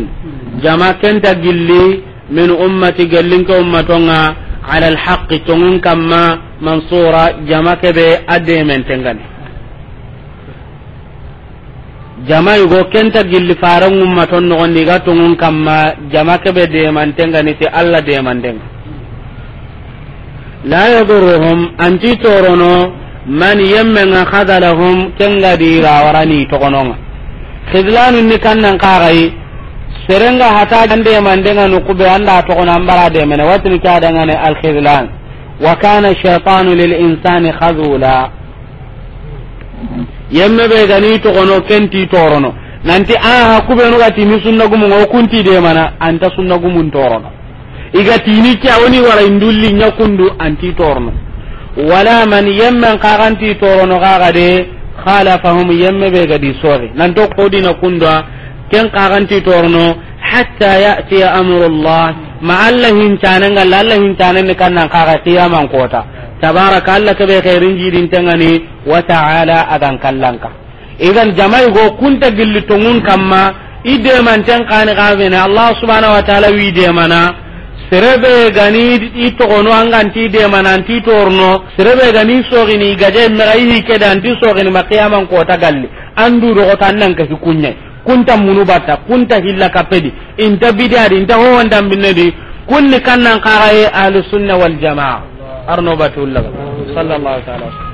jama kenta gilli min ummati gallin ka ummatonga ala alhaqqi tongun kamma mansura jama be ade men tengani jama yugo kenta gilli faran ummaton no gondi ga tongun kamma jama be de man tengani ti alla de man tengani la yadurruhum anti torono man yemme nga khadalahum kenga dira warani tokononga khidlanu ni kannan kagai serenga hata jande mandenga nukube anda tokona ambara de mena watni kada ngane al khidlan wa kana shaytanu lil insani khazula yemme be gani togono kenti torono nanti kube kubenu gati mi sunna gumu kunti de mana anta sunna gumun torono iga tini ke awoni wara indulli nyakundu anti torno wala man yemmen kaganti torono kaga khalafahum yemme be gadi sore nan to kodi na kunda ken kaganti torno hatta ya'ti amrullah ma allah hintanen gal allah hintanen ne kannan kaga qiyaman kota tabaraka allah ke be khairin jidin tangani wa ta'ala adan kallanka idan jama'i go kunta gilli tongun kamma ide man tan kan kaga ne allah subhanahu wa ta'ala wi de mana serebe gani i togono anganti demananti torno serebe gani ni gaje megai hikede anti sogini ma qiyaman kota galli andurogoto annankesi kunyai kunta munu batta kunta hilla kapedi inta bidari inta di kunni kannan sunna wal jamaa arno batullaga sallallahu alaihi wasallam